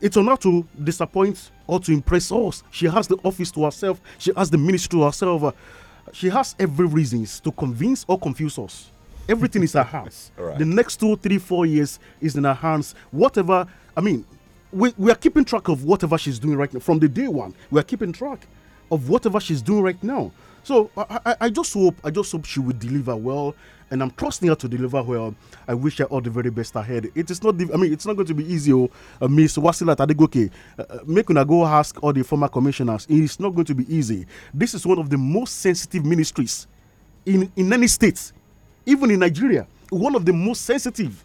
it's not to disappoint or to impress us. She has the office to herself. She has the ministry to herself. Uh, she has every reasons to convince or confuse us. Everything is in her hands. The next two, three, four years is in her hands. Whatever, I mean, we, we are keeping track of whatever she's doing right now. From the day one, we are keeping track of whatever she's doing right now. So I, I, I just hope, I just hope she will deliver well and I'm trusting her to deliver well. I wish her all the very best ahead. It is not, I mean, it's not going to be easy. Oh, uh, Miss Wasila Tadegoke, uh, uh, make a go ask all the former commissioners. It is not going to be easy. This is one of the most sensitive ministries in in any state, even in Nigeria. One of the most sensitive.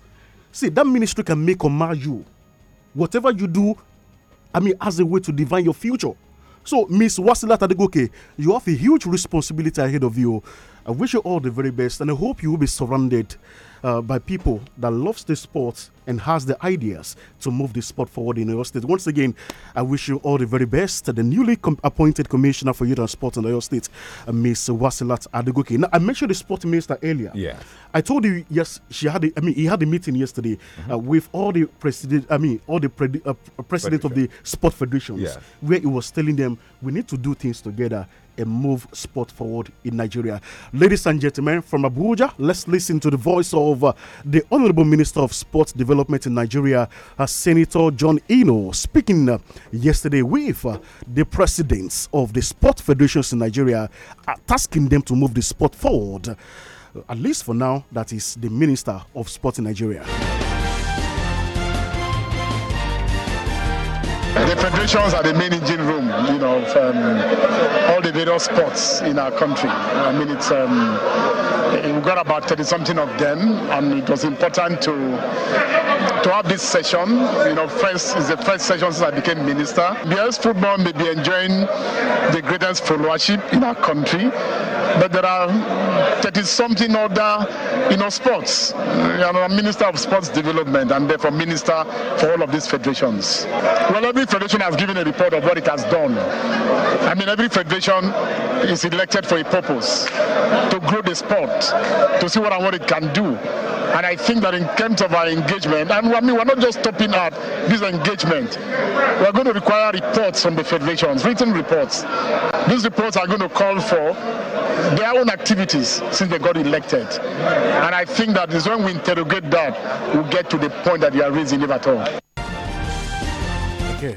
See, that ministry can make or mar you. Whatever you do, I mean, as a way to divine your future. So, Miss Wasila Tadegoke, you have a huge responsibility ahead of you. I wish you all the very best and I hope you will be surrounded uh, by people that loves the sport and has the ideas to move the sport forward in Oyo State. Once again, I wish you all the very best. The newly com appointed Commissioner for Youth and Sport in Oyo State, uh, Ms. Wasilat Adegoke. Now, I mentioned the Sport Minister earlier. Yeah. I told you, yes, she had. A, I mean, he had a meeting yesterday mm -hmm. uh, with all the president. I mean, all the pre uh, president Federation. of the sport federations, yeah. where he was telling them we need to do things together a move sport forward in Nigeria. Ladies and gentlemen, from Abuja, let's listen to the voice of uh, the Honorable Minister of Sports Development in Nigeria, uh, Senator John Eno, speaking uh, yesterday with uh, the presidents of the sport federations in Nigeria, uh, asking them to move the sport forward. At least for now, that is the Minister of Sport in Nigeria. The federations are the main engine room, you know, of um, all the various sports in our country. I mean, it's um, eh, we've got about 30 something of them, and it was important to to have this session. You know, first is the first session since I became minister. Yes, football may be enjoying the greatest followership in our country, but there are 30 something other, you know, sports. I'm a minister of sports development, and therefore minister for all of these federations. Well, every every federation has given a report of what it has done. I mean, every federation is elected for a purpose to grow the sport, to see what and what it can do. And I think that in terms of our engagement, and I mean, we're not just stopping at this engagement. We're going to require reports from the federations, written reports. These reports are going to call for their own activities since they got elected. And I think that is when we interrogate that, we will get to the point that you are raising, if at all. Okay.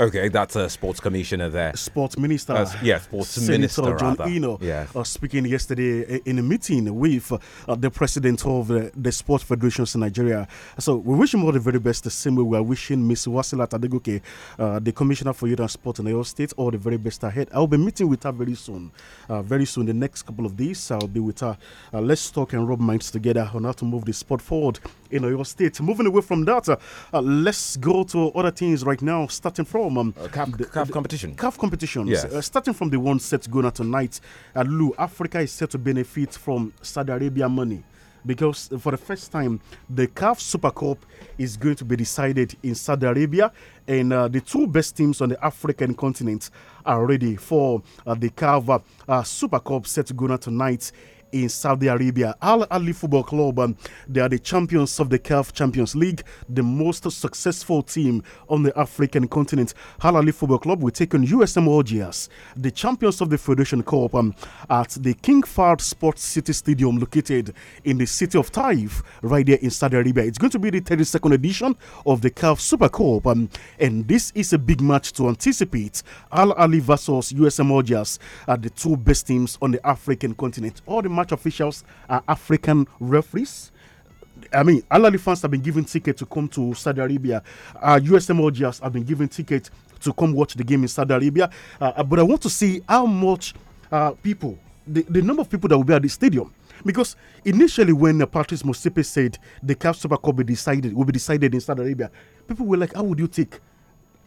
Okay, that's a sports commissioner there. Sports minister. Uh, yeah, sports Senator minister. John rather. Eno yeah. uh, speaking yesterday in a meeting with uh, the president of the, uh, the Sports Federations in Nigeria. So we wish him all the very best, the same way we are wishing Miss Wasila Tadegoke, uh, the commissioner for youth and sport in Oyo State, all the very best ahead. I'll be meeting with her very soon. Uh, very soon, the next couple of days, I'll be with her. let's talk and rub minds together on how to move the sport forward in Oyo State. Moving away from that, let's go to other things right now, starting from from um, uh, CAF, the, calf competition. Yes. Uh, starting from the one set going on tonight, at uh, Lou, Africa is set to benefit from Saudi Arabia money because uh, for the first time, the calf Super Cup is going to be decided in Saudi Arabia, and uh, the two best teams on the African continent are ready for uh, the calf uh, Super Cup set to go on tonight in Saudi Arabia. Al Ali Football Club, um, they are the champions of the CAF Champions League, the most successful team on the African continent. Al Ali Football Club will take on USM Algiers, the champions of the Federation Cup, um, at the King Fahd Sports City Stadium, located in the city of Taif, right there in Saudi Arabia. It's going to be the 32nd edition of the CAF Super Cup, um, and this is a big match to anticipate. Al Ali versus USM Algiers are the two best teams on the African continent. All the match officials are African referees. I mean, Al Ahly fans have been given tickets to come to Saudi Arabia. Uh, USM Algiers have been given tickets to come watch the game in Saudi Arabia. Uh, uh, but I want to see how much uh, people, the, the number of people that will be at the stadium. Because initially, when uh, Patrice Mosipe said the CAF Super Cup will be decided, will be decided in Saudi Arabia, people were like, "How would you take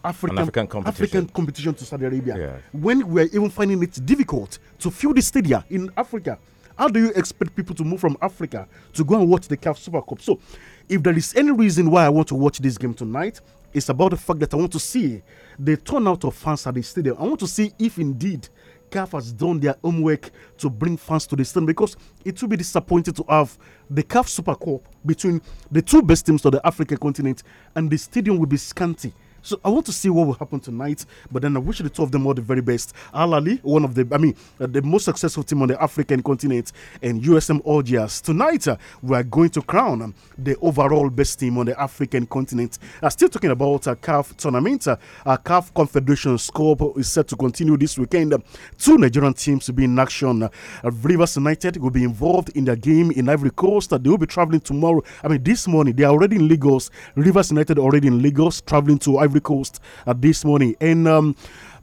African, African competition. African, competition. to Saudi Arabia. Yeah. When we're even finding it difficult to fill the stadium in Africa. How do you expect people to move from Africa to go and watch the CAF Super Cup? So, if there is any reason why I want to watch this game tonight, it's about the fact that I want to see the turnout of fans at the stadium. I want to see if indeed CAF has done their homework to bring fans to the stadium because it will be disappointing to have the CAF Super Cup between the two best teams of the African continent and the stadium will be scanty so I want to see what will happen tonight. But then I wish the two of them all the very best. Al Ali, one of the, I mean, uh, the most successful team on the African continent, and USM Algiers. Tonight, uh, we are going to crown um, the overall best team on the African continent. Uh, still talking about a uh, CAF tournament. A uh, uh, CAF Confederation scope is set to continue this weekend. Two Nigerian teams will be in action. Uh, Rivers United will be involved in their game in Ivory Coast. Uh, they will be traveling tomorrow. I mean, this morning they are already in Lagos. Rivers United already in Lagos, traveling to Ivory Ivory Coast uh, this morning. And um,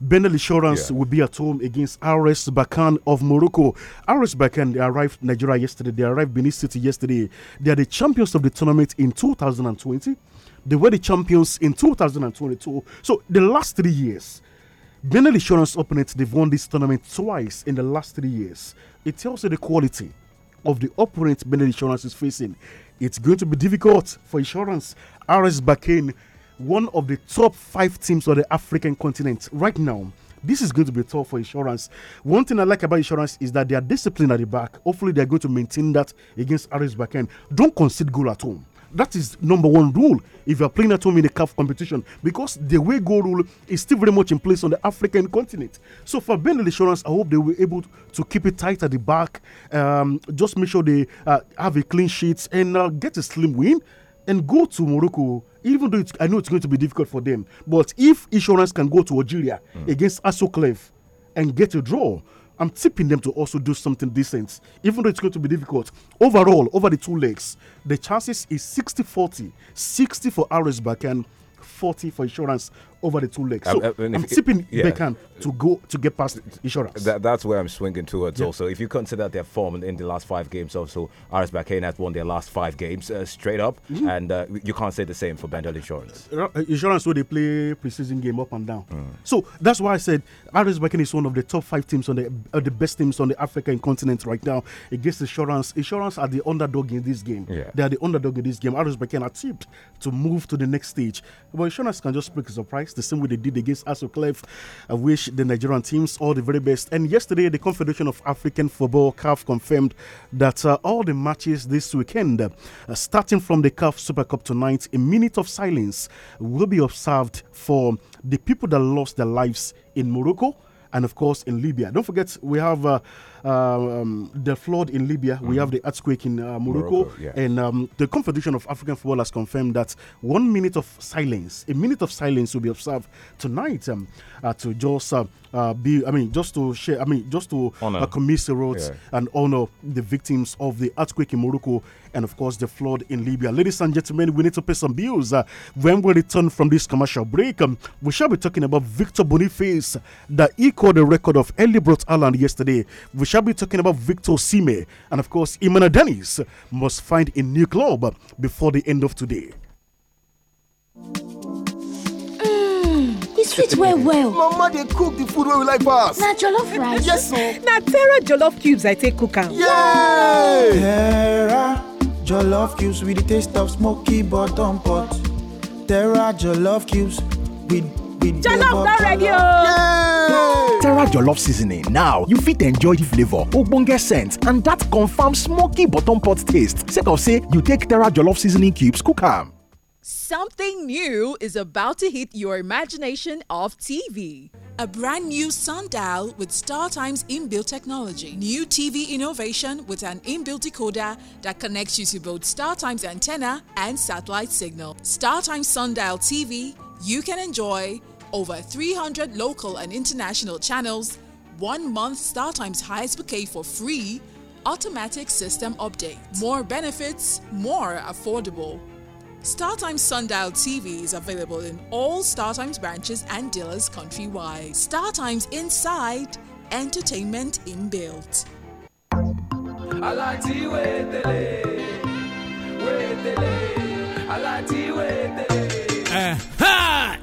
Benel Insurance yeah. will be at home against RS Bakan of Morocco. RS Bakan they arrived Nigeria yesterday. They arrived Benin City yesterday. They are the champions of the tournament in 2020. They were the champions in 2022. So the last three years. Benel Insurance opponents, they've won this tournament twice in the last three years. It tells you the quality of the opponent Benel Insurance is facing. It's going to be difficult for insurance. RS Bakan one of the top five teams on the African continent right now. This is going to be tough for insurance. One thing I like about insurance is that they are disciplined at the back. Hopefully, they're going to maintain that against Aris Bakken. Don't concede goal at home. That is number one rule if you're playing at home in the Cup competition because the way goal rule is still very much in place on the African continent. So for Benel Insurance, I hope they were able to keep it tight at the back, um, just make sure they uh, have a clean sheet and uh, get a slim win and go to Morocco even though I know it's going to be difficult for them, but if insurance can go to Algeria mm. against Asoclev and get a draw, I'm tipping them to also do something decent, even though it's going to be difficult. Overall, over the two legs, the chances is 60 40, 60 for Aris and 40 for insurance over the two legs. So I, I mean, I'm it, tipping yeah. Beckham to go to get past insurance. That, that's where I'm swinging towards. Yeah. Also, if you consider their form in the last five games, also RS Bahrain has won their last five games uh, straight up, mm -hmm. and uh, you can't say the same for Bandel Insurance. Uh, insurance, so they play preseason game up and down. Mm. So that's why I said RS Bahrain is one of the top five teams on the uh, the best teams on the African continent right now against Insurance. Insurance are the underdog in this game. Yeah. They are the underdog in this game. RS Bahrain are tipped to move to the next stage, but Insurance can just break a surprise the same way they did against Asoclef. I wish the Nigerian teams all the very best. And yesterday, the Confederation of African Football, CAF, confirmed that uh, all the matches this weekend, uh, starting from the CAF Super Cup tonight, a minute of silence will be observed for the people that lost their lives in Morocco and of course in Libya. Don't forget, we have uh, um, um, the flood in Libya, mm we have the earthquake in uh, Morocco, Morocco and um, the Confederation of African Football has confirmed that one minute of silence, a minute of silence, will be observed tonight um, uh, to just uh, uh be, I mean, just to share, I mean, just to commiserate yeah. and honor the victims of the earthquake in Morocco and of course the flood in Libya. Ladies and gentlemen, we need to pay some bills. Uh, when we return from this commercial break, um, we shall be talking about Victor Boniface that equaled the record of Ellie Brot yesterday. We shall be talking about Victor Sime and, of course, Imana Dennis must find a new club before the end of today. e mm, sweet well well mama they cook the food wey we like pass na jollof rice yes sir. Now, terra jollof cubes i take cook Yeah. yay terra jollof cubes with the taste of smoky bottom pot terra jollof cubes with with jollof don ready oh. oh. Terra jollof seasoning now you fit enjoy the flavour, ogbonge scent and that confirms smoky bottom pot taste Second, of say you take Terra jollof seasoning cubes cook am. Something new is about to hit your imagination of TV. A brand new sundial with StarTime's inbuilt technology. New TV innovation with an inbuilt decoder that connects you to both StarTime's antenna and satellite signal. StarTime Sundial TV you can enjoy over 300 local and international channels, one month StarTimes highest bouquet for free, automatic system update. More benefits, more affordable. StarTimes Sundial TV is available in all StarTimes branches and dealers countrywide. StarTimes Inside, entertainment inbuilt. I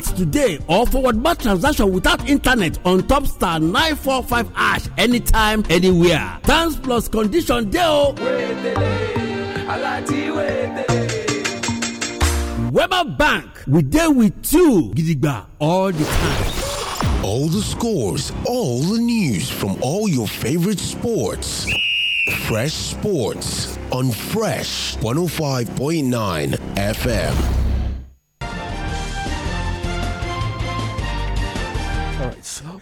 today or forward bank transaction without internet on top star 945 ash anytime anywhere thanks plus condition deo weber bank we deal with you all the time all the scores, all the news from all your favorite sports. Fresh Sports on Fresh 105.9 FM.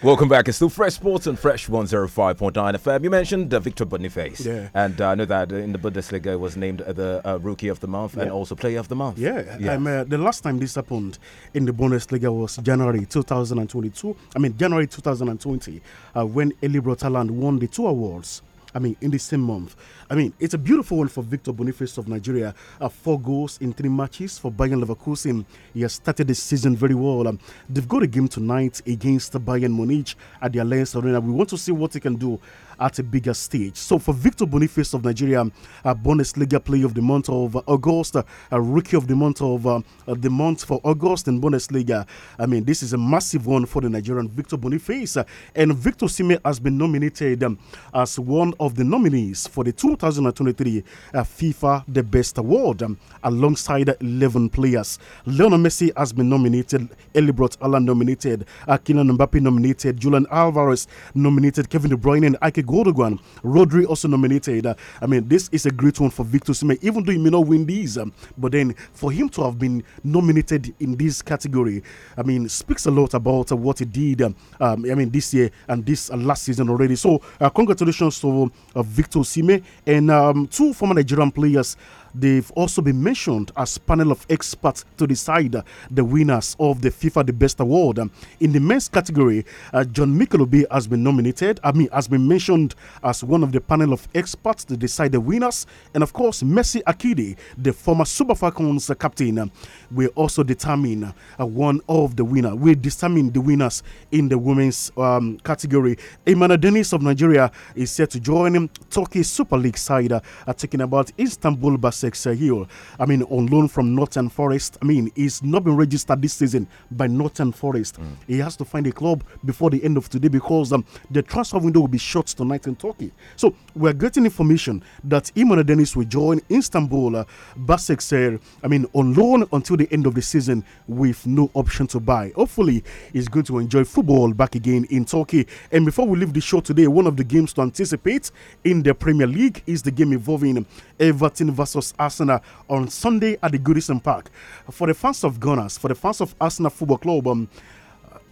Welcome back. It's still Fresh Sports and Fresh 105.9 FM. You mentioned uh, Victor Boniface. Yeah. And uh, I know that in the Bundesliga was named the uh, Rookie of the Month yeah. and also Player of the Month. Yeah. yeah. Um, the last time this happened in the Bundesliga was January 2022. I mean, January 2020, uh, when Elibro Brotaland won the two awards I mean, in the same month. I mean, it's a beautiful one for Victor Boniface of Nigeria. Uh, four goals in three matches for Bayern Leverkusen. He has started the season very well. Um, they've got a game tonight against Bayern Munich at the Alliance Arena. We want to see what he can do at a bigger stage. So for Victor Boniface of Nigeria, a uh, Bundesliga Player of the Month of uh, August, uh, a Rookie of the Month of the month for August in Bundesliga. I mean, this is a massive one for the Nigerian Victor Boniface, and Victor Sime has been nominated um, as one of the nominees for the 2023 FIFA The Best Award, um, alongside 11 players. Lionel Messi has been nominated, Elibrot Alan nominated, uh, Kylian Mbappe nominated, Julian Alvarez nominated, Kevin De Bruyne and Ike Goldogan. Rodri also nominated. Uh, I mean, this is a great one for Victor Sime, even though he may not win these. Um, but then for him to have been nominated in this category, I mean, speaks a lot about uh, what he did, um, um, I mean, this year and this uh, last season already. So, uh, congratulations to uh, Victor Sime and um, two former Nigerian players They've also been mentioned as panel of experts to decide the winners of the FIFA The Best Award. In the men's category, uh, John Mikelobi has been nominated. I mean, has been mentioned as one of the panel of experts to decide the winners. And of course, Messi Akidi, the former Super Falcons captain, will also determine uh, one of the winner. Will determine the winners in the women's um, category. Emmanuel Dennis of Nigeria is set to join him. Turkey Super League side are uh, talking about Istanbul Basel. Hill. I mean, on loan from Northern Forest. I mean, he's not been registered this season by Northern Forest. Mm. He has to find a club before the end of today because um, the transfer window will be shut tonight in Turkey. So we're getting information that Imran Dennis will join Istanbul uh, Basaksehir. I mean, on loan until the end of the season with no option to buy. Hopefully, he's going to enjoy football back again in Turkey. And before we leave the show today, one of the games to anticipate in the Premier League is the game involving Everton versus Arsenal on Sunday at the Goodison Park. For the fans of Gunners, for the fans of Arsenal Football Club, um,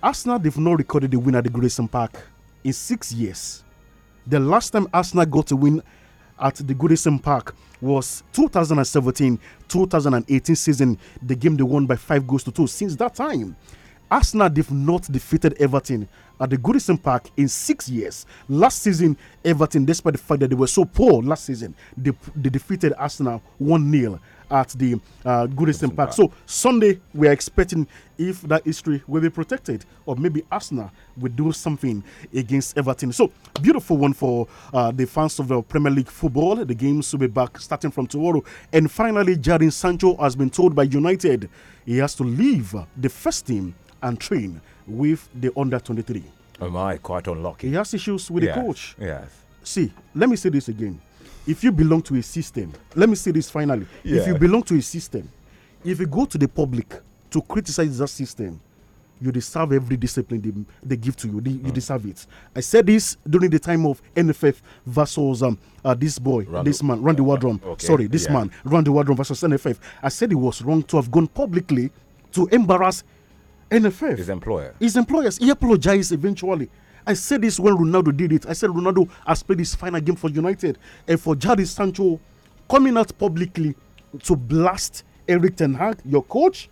Arsenal they've not recorded the win at the Goodison Park in six years. The last time Arsenal got a win at the Goodison Park was 2017-2018 season. The game they won by five goals to two. Since that time, Arsenal they've not defeated Everton at the Goodison Park in six years. Last season, Everton, despite the fact that they were so poor last season, they, they defeated Arsenal 1 0 at the uh, Goodison Park. Park. So Sunday, we are expecting if that history will be protected, or maybe Arsenal will do something against Everton. So beautiful one for uh, the fans of the Premier League football. The games will be back starting from tomorrow. And finally, Jadon Sancho has been told by United he has to leave the first team and train with the under 23. Am I quite unlucky? He has issues with yes, the coach. Yes. See, let me say this again. If you belong to a system, let me say this finally. Yeah. If you belong to a system, if you go to the public to criticize that system, you deserve every discipline they, they give to you. They, mm. You deserve it. I said this during the time of NFF versus um, uh, this boy, this man, Randy uh, Wardrum. Okay. Sorry, this yeah. man, Randy Wardrum versus NFF. I said it was wrong to have gone publicly to embarrass NFF. His employer. His employers. He apologized eventually. I said this when Ronaldo did it. I said Ronaldo has played his final game for United and for Jadon Sancho coming out publicly to blast Eric Ten Hag, your coach.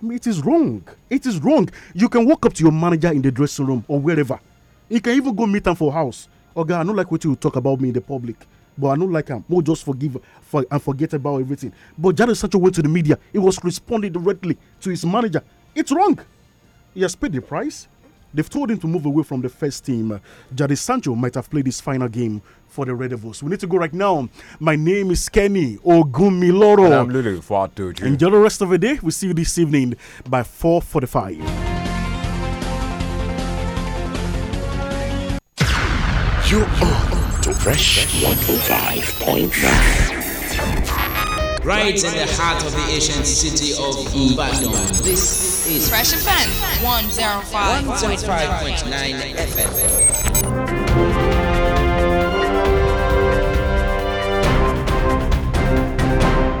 I mean, it is wrong. It is wrong. You can walk up to your manager in the dressing room or wherever. You can even go meet him for house. Oh God, I don't like what you talk about me in the public. But I don't like him. We'll just forgive for, and forget about everything. But Jadon Sancho went to the media. He was responding directly to his manager. It's wrong. He has paid the price. They've told him to move away from the first team. Jadis Sancho might have played his final game for the Red Devils. We need to go right now. My name is Kenny Ogumiloro. And I'm Lulu Fatu. Enjoy the rest of the day. We'll see you this evening by 4.45. You are on to Fresh 105.9 right in the heart of the ancient city of Ibadan. This is Fresh Offense 105.9 FM.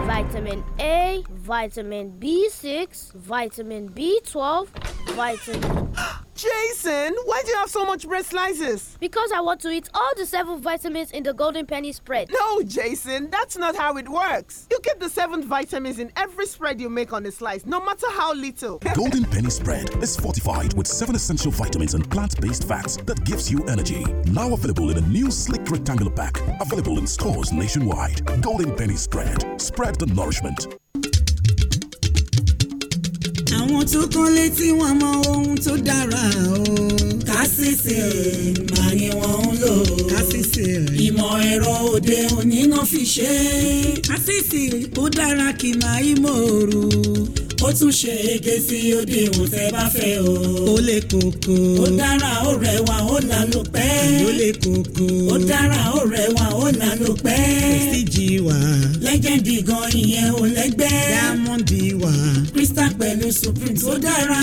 Vitamin A vitamin B6, vitamin B12, vitamin. Jason, why do you have so much bread slices? Because I want to eat all the seven vitamins in the golden penny spread. No, Jason, that's not how it works. You get the seven vitamins in every spread you make on a slice, no matter how little. golden penny spread is fortified with seven essential vitamins and plant-based fats that gives you energy. Now available in a new sleek rectangular pack, available in stores nationwide. Golden penny spread. Spread the nourishment. àwọn tó kán létí wọn mọ ohun tó dára o. kásìsì mà ni wọ́n ń lò. kásìsì ìmọ̀ ẹ̀rọ òde òní náà fi ṣe. kásìsì ó dára kì máa í mòoru ó tún ṣe ege sí odi ìwò tẹ bá fẹ́ o. ó lè kókó. ó dára ó rẹwà ó lànà pẹ́. ó lè kókó. ó dára ó rẹwà ó lànà pẹ́. prestige wà. lẹ́gẹ̀dì gan ìyẹn ò lẹ́gbẹ́. diamond wà. crystal pẹ̀lú supreme tó dára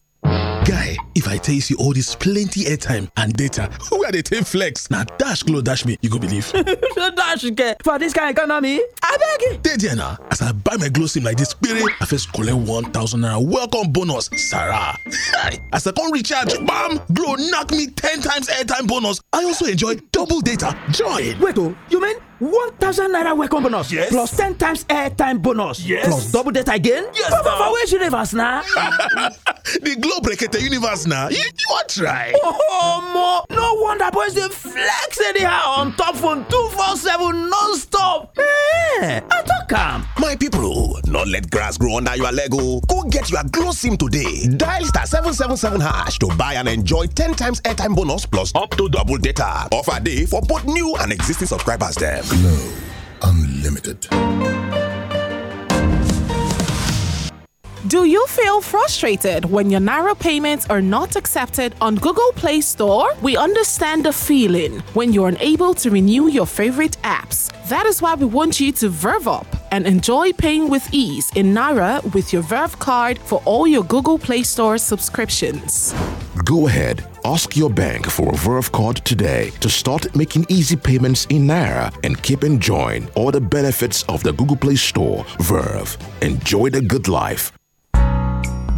guy if i tell you see all this plenty airtime and data wey i dey take flex Now dash glow dash me you go believe. dash get for dis kind economy you. dey there now. as i buy my glow sim like this spirit i first collect one thousand naira welcome bonus sarah as i come recharge bam glow knock me ten times airtime bonus i also enjoy double data join. wait oh, you mean 1000 naira welcome bonus yes plus 10 times airtime bonus yes plus double data again yes but for which universe now? the globe break the universe now. you wan try oh mo no wonder boys they flex anyhow on top phone 247 non-stop ehn i tok am my people, not let grass grow under your lego. Oh. go get your glow sim today dial star 777 hash to buy and enjoy 10 times airtime bonus plus up to double data offer day for both new and existing subscribers dem Glow Unlimited. Do you feel frustrated when your Naira payments are not accepted on Google Play Store? We understand the feeling when you're unable to renew your favorite apps. That is why we want you to verve up and enjoy paying with ease in Naira with your Verve card for all your Google Play Store subscriptions. Go ahead, ask your bank for a Verve card today to start making easy payments in Naira and keep enjoying all the benefits of the Google Play Store. Verve, enjoy the good life.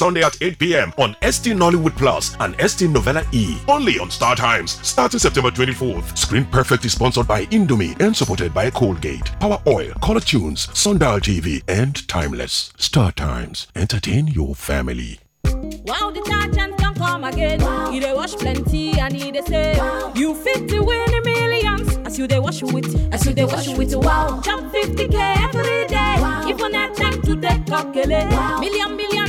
Sunday at 8 p.m. on ST Nollywood Plus and ST Novella E. Only on Star Times, starting September 24th. Screen Perfect is sponsored by Indomie and supported by Colgate, Power Oil, Color Tunes, Sundial TV, and Timeless. Star Times, entertain your family. Wow, The detergent can come again. Wow. You they wash plenty I need dey say wow. you fit to win a millions as you they wash with, as you they wash with. Wow, jump 50k every day. Wow. If you not time to take cockle. wow. million million.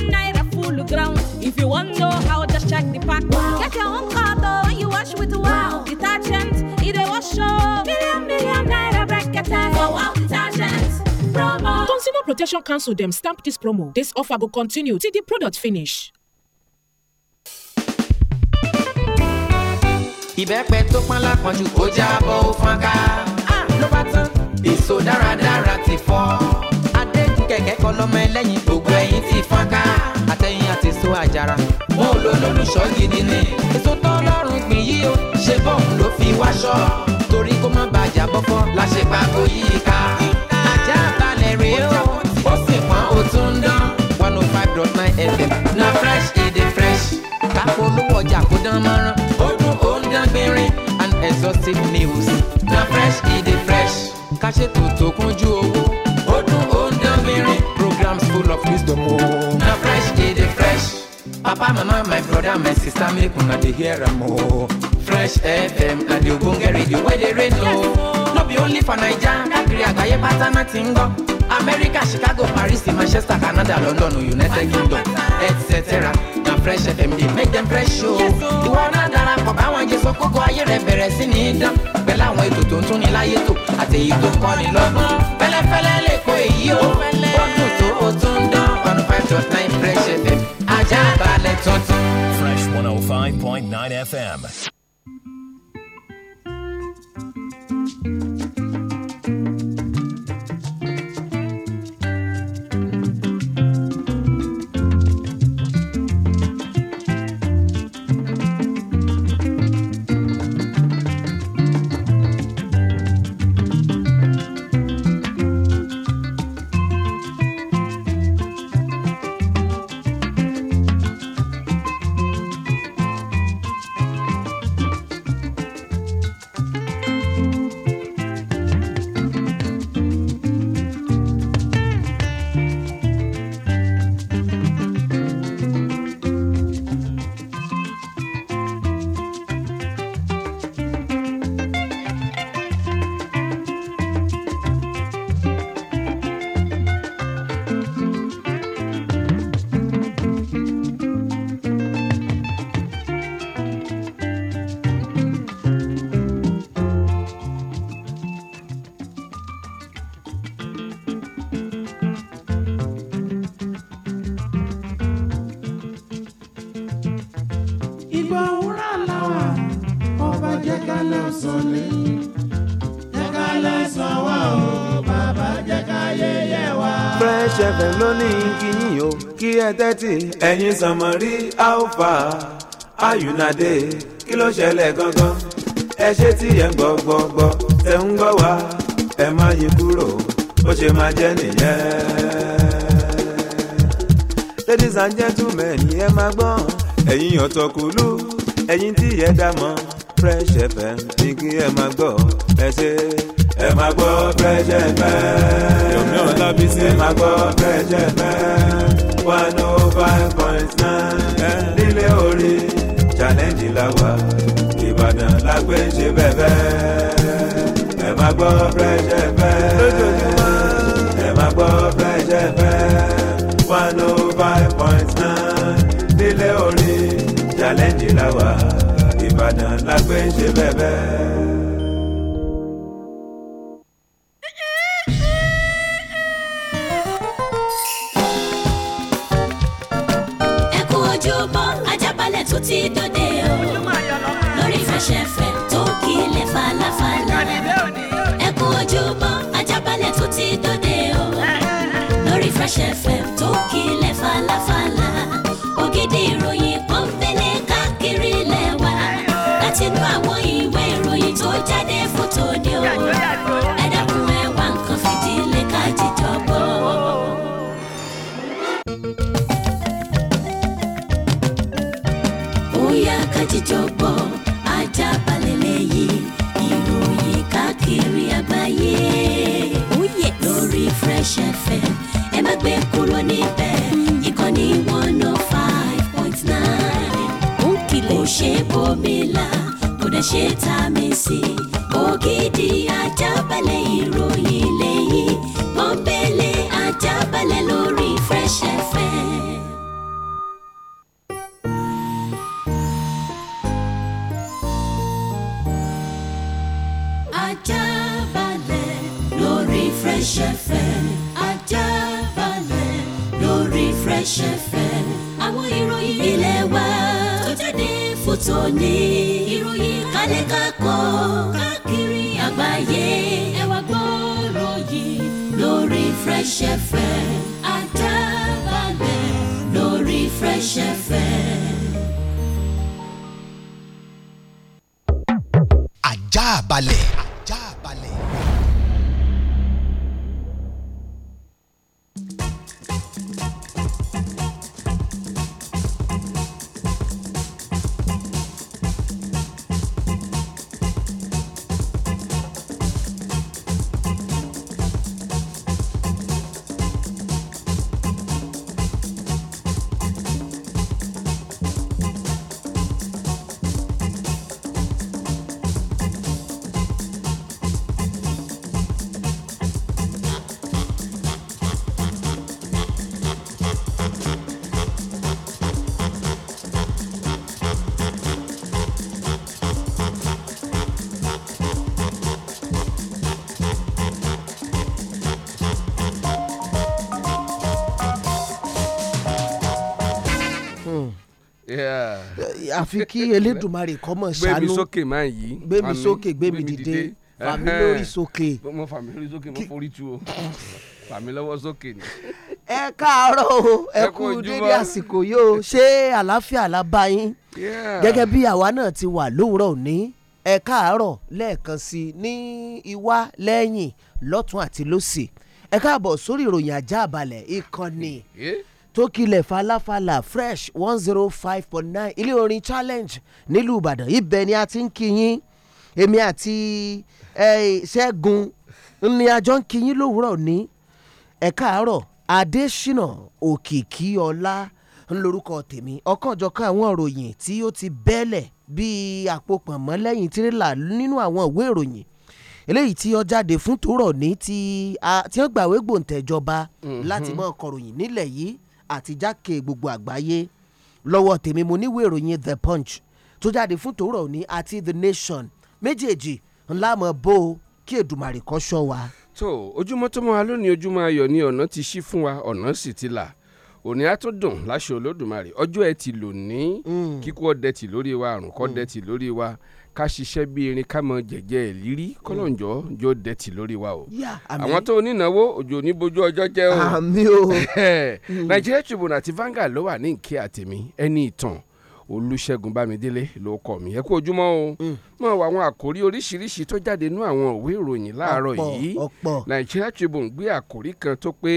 the ground. If you want know how, just check the pack. Wow. Get your own car when you wash with wow, wow. detergent. It a wash up. Million, million naira bracket. Eh? For wow detergent. Promo. Consumer Protection Council them stamp this promo. This offer will continue till the product finish. ìbẹ́pẹ tó pọ́n lápọ́njú ó jábọ́ ó fọ́nká. Ah. ló bá tán èso dáradára ti fọ́. adéjú kẹ̀kẹ́ kọ́ lọ́mọ ẹlẹ́yin gbogbo ẹ̀yìn ti fọ́nká àtẹ̀yìn àti èso àjàrà. mo lò lólùṣọ́ gidi ni èso tán lọ́rùn gbìn yìí o ṣe bóun ló fi wáṣọ torí kó má bàjá bọ́fọ́ la ṣe pa kó yí i ká. ajá balẹ̀ rèé o ó sì pọ́n ó tún ń dán one oh five dot nine fm na fresh e dey fresh. káfọ́ olówó ọjà kó dán mọ́rán ó dún òun dán gbinrin and exhaustive news na fresh e dey fresh. ká ṣètò tó kúnjú owó ó dún òun dán gbinrin programs full of wisdom o. Oh. Papa, mama, my brother, my sister, make una dey hear am o. Oh. Fresh FM and the Ogbonge Radio wey dey rain o. Oh. No be only for Naija, kakiri àgbáyé pátá náà ti ń gbọ́. America, Chicago, Paris, Manchester, Canada, London, United Kingdom, etc. Na Fresh FM dey make dem fresh o. Oh. Ìwọ náà darapọ̀ báwọn jẹ sọ kókó ayé rẹ̀ bẹ̀rẹ̀ sí ní dán. Pẹ̀lú àwọn ètò tó ń tún ní láyé tò àti èyí tó kọ́ ni lọ́gbọ́n. Fẹ́lẹ́fẹ́lẹ́ lè po èyí o. Ó dùn tó o tún dán. One five dot nine Fresh FM. Fresh 105.9 FM. kí ẹ tẹ́tì ẹ̀yin sànmọ́rí alpha ayùnádé kí ló ṣẹlẹ̀ gangan ẹ ṣe tí ẹ ń gbọ́ gbọ́ gbọ́ ẹ ń gbọ́ wá ẹ má yí kúrò bó ṣe máa jẹ́ nìyẹn. ladies and gentlemen ẹ máa gbọ́n ẹ̀yin ọ̀tọ̀kùlú ẹ̀yin tí ẹ dá mọ́ fresh fm ní kí ẹ máa gbọ́ ẹ ṣe ẹ máa gbọ́ fresh fm. yomi ọlábísí ẹ máa gbọ́ fresh fm one oh five point nine nílé orí challenge la wà ìbàdàn la gbé ṣe bẹ́ẹ̀ ẹ má gbọ́ fresh fẹ́ lójoojúmọ́ ẹ má gbọ́ fresh fẹ́ one oh five point nine nílé orí challenge la wà ìbàdàn la gbé ṣe bẹ́ẹ̀. ti dòde o lórí fẹsẹ̀fẹ̀ tó kílẹ̀ falafala ẹ kú ojúmọ́ ajábalẹ̀ tó ti dòde o lórí fẹsẹ̀fẹ̀ tó kílẹ̀ falafala ògidì ìròyìn. fresh fm ẹ má gbé kúrò níbẹ̀ ìkànnì one oh five point nine. ó kìlẹ̀ kò ṣe bomi kò dẹ̀ ṣe tá a mi sí. ògidì ajábalẹ̀ ìròyìn lẹ́yìn pọ́npẹ́lẹ́ ajábalẹ̀ lórí fresh fm fresh fm àwọn ìròyìn ilé wa tó jáde fún tòní ìròyìn kálẹ̀ kakọ́ káàkiri àgbáyé ẹ wá gbọ́rọ̀ yìí lórí fresh fm àdábàgbẹ̀ lórí fresh fm. àjà àfi kí elédùnmarè kọ́ mọ̀ ṣàánú gbé mi sókè máa yí gbé mi sókè gbé mi dìde fàmí lórí sókè. mo fàmí lórí sókè mo forí tu o fàmí lọ́wọ́ sókè ni. ẹ káàárọ̀ o ẹ kú dédé àsìkò yìí o ṣé àlàáfíà la bá yín gẹ́gẹ́ bí àwa náà ti wà lówùrọ̀ òní ẹ káàárọ̀ lẹ́ẹ̀kan sí i ní iwá lẹ́yìn lọ́tún àti lósì ẹ káàbọ̀ sórí ìròyìn ajá àbálẹ̀ ìkànnì. Yeah tó kilẹ̀ falafala fresh one zero five point nine ilé orin challenge nílùú ìbàdàn ibẹ̀ ni a ti ń kíyìn èmi àti ṣẹ́gun ni àjọ ń kíyìn lówùúrọ̀ ní ẹ̀ka àárọ̀ adésínà òkìkí ọlá ńlórúkọ tèmi ọ̀kanòjọ̀kan àwọn òròyìn tí ó ti bẹ́lẹ̀ bíi àpòpọ̀mọ́ lẹ́yìn tirẹ́là nínú àwọn ìwé ìròyìn eléyìí tí ó jáde fún tòrọ̀ ní ti tí wọ́n gbàwé gbòǹtẹ̀jọba mm-hmm. láti mọ́ ọkọ̀ròyìn nílẹ̀ yìí àti jákè gbogbo àgbáyé lọ́wọ́ tèmi mo níwèé ìròyìn the punch tó jáde fún tòórọ̀ òní àti the nation méjèèjì ńlá mọ̀ bó o kí Èdùmàrè kó ṣọ́ wa. tó ojúmọ́ tó mọ́ lónìí ojúmọ́ ayọ̀ ni ọ̀nà ti ṣí fún wa ọ̀nà sì ti là òní á tún dùn láṣọ Olódùmarè ọjọ́ ẹ ti lò ní mm. kíkú ọdẹ tì lórí wa àrùn kọ́ dẹ mm. tì lórí wa ká ṣiṣẹ́ bí erin ká mọ jẹ̀jẹ̀ ìlírí kọ́lọ́njọ́ jọ mm. dẹ̀tì lórí wa o. àwọn tó nínáwó òjò ní bójú ọjọ́ jẹ́ o. àmì o. Mm. Nigeria Tribune àti Vanguard ló wà ní ìké àtẹ̀mí ẹni ìtàn Olúṣẹ́gun Bámidélé ló kọ mí ẹ kú ojúmọ́ o mm. mọ àwọn àkórí oríṣiríṣi tó jáde nú àwọn òwe ìròyìn láàárọ̀ yìí Nigeria Tribune gbé àkórí kan tó pé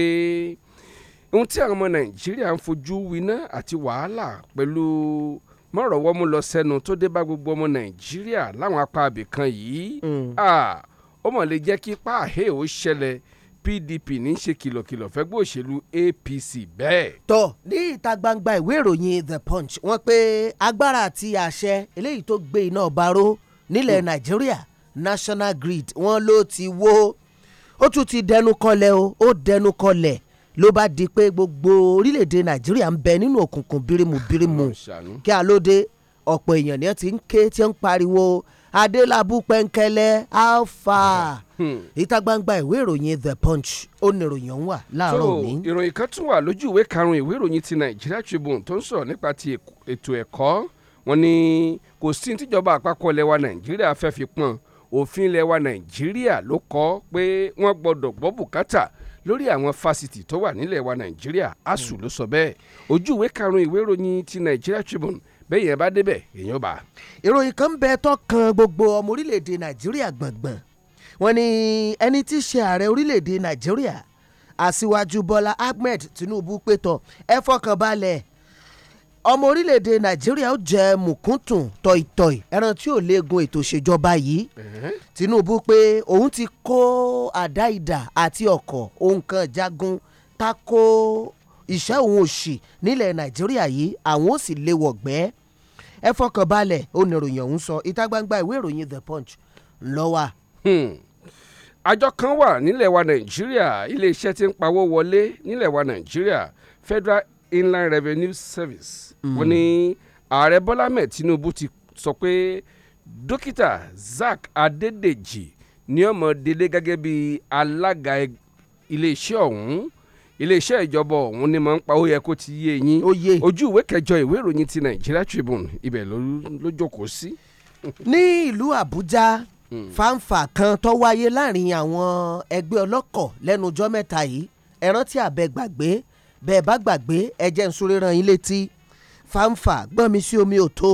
ohun tí àwọn ọmọ Nàìjíríà ń fojú winá àti wàhálà pẹ̀lú mọ̀rọ̀wọ́ mú lọ sẹ́nu tó dé bá gbogbo ọmọ nàìjíríà láwọn apá abìkan yìí mm. ó mọ̀ lè jẹ́ kí páàhẹ́ ò ṣẹlẹ̀ PDP ní í ṣe kìlọ̀kìlọ̀ fẹ́gbẹ́ òṣèlú APC bẹ́ẹ̀. tó ní ìta gbangba ìwé ìròyìn The Punch wọ́n pé agbára àti àṣẹ eléyìí tó gbé iná ọba ró nílẹ̀ mm. nàìjíríà National Grid wọ́n ló ti wó ó tún ti dẹnu kọlẹ̀ o ó dẹnu kọlẹ̀ ló bá di pé gbogbo orílẹ̀-èdè nàìjíríà ń bẹ nínú òkùnkùn bírímù bírímù kí alóde ọ̀pọ̀ èèyàn ni wọ́n ti ń ké tí wọ́n ń pariwo adélábù pẹ́ńkẹ́lẹ́ alfa hmm. ìta gbangba ìwé ìròyìn the punch ó ní ìròyìn ọ̀hún wà láàárọ̀ òní. so ìròyìn kan tún wà lójú ìwé karùn-ún ìwé ìròyìn ti nigeria tribune tó ń sọ̀rọ̀ nípa ti ètò ẹ̀kọ́ wọn ni kò sí tíjọba àpapọ̀ lẹ́wà nàìjíríà fẹ́ fi pọ́n òfin lẹ́wà nàìjíríà ló kọ́ pé wọ́n gbọ́dọ̀ gbọ́ bùkátà lórí àwọn fásitì tó wà nílẹ̀ wa nàìjíríà asuu ló sọ bẹ́ẹ̀ ojú ìwé karùn-ún ìwé ìròyìn ti nigeria tribune bẹ́ẹ̀ yẹn bá débẹ̀ èèyàn bá. ìròyìn kan ń bẹ tó kan gbogbo ọmọ orílẹ̀-èdè nàìjíríà gbọ̀ngbọ̀n wọ́n ní ẹni tí í ṣe ààrẹ orílẹ̀-èdè nàìjíríà aṣíwájú bọ́lá ahmed tinubu pé tán ẹ fọkàn balẹ̀ ọmọ orílẹ̀-èdè nàìjíríà ó jẹ mùkúntùn tọ̀ìtọ̀ì ẹran tí ò léegun ètò ìṣèjọba yìí Tinubu pé òun ti kó àdá idà àti ọ̀kọ̀ ohun kan jagun ta ko ìṣẹ́ òun òṣì nílẹ̀ nàìjíríà yìí àwọn ó sì lé wọ̀gbẹ́ ẹ fọkàn balẹ̀ oníròyìn ọ̀hún sọ ìta gbangba ìwé ìròyìn The Punch ńlọ́wà. Hmm. àjọ kan wà nílẹ̀ wa nàìjíríà iléeṣẹ́ tí ń pawó wọlé nílẹ̀ wa nàìjíríà Federal Inland Revenue Service wọ́n hmm. ní ààrẹ bọ́lá mẹ́ẹ̀ tinubu ti sọ pé dókítà zack adédèjì ní ọmọ délé gẹ́gẹ́ bí alága iléeṣẹ́ ọ̀hún iléeṣẹ́ ìjọba ọ̀hún ni máa ń pa ó yẹ kó ti yé yín ojú ìwé kẹjọ ìwé ìròyìn ti Nigeria Tribune ibẹ̀ ló jókòó sí. ní ìlú Àbújá hmm. fáńfà kan tó wáyé láàrin àwọn ẹgbẹ́ ọlọ́kọ̀ lẹ́nu ọjọ́ mẹ́ta yìí ẹ̀rántí àbẹ̀ bẹ́ẹ̀ bá gbàgbé ẹ̀jẹ̀ ń súré ran yín létí fáńfà gbọ́n mi sí omi òtó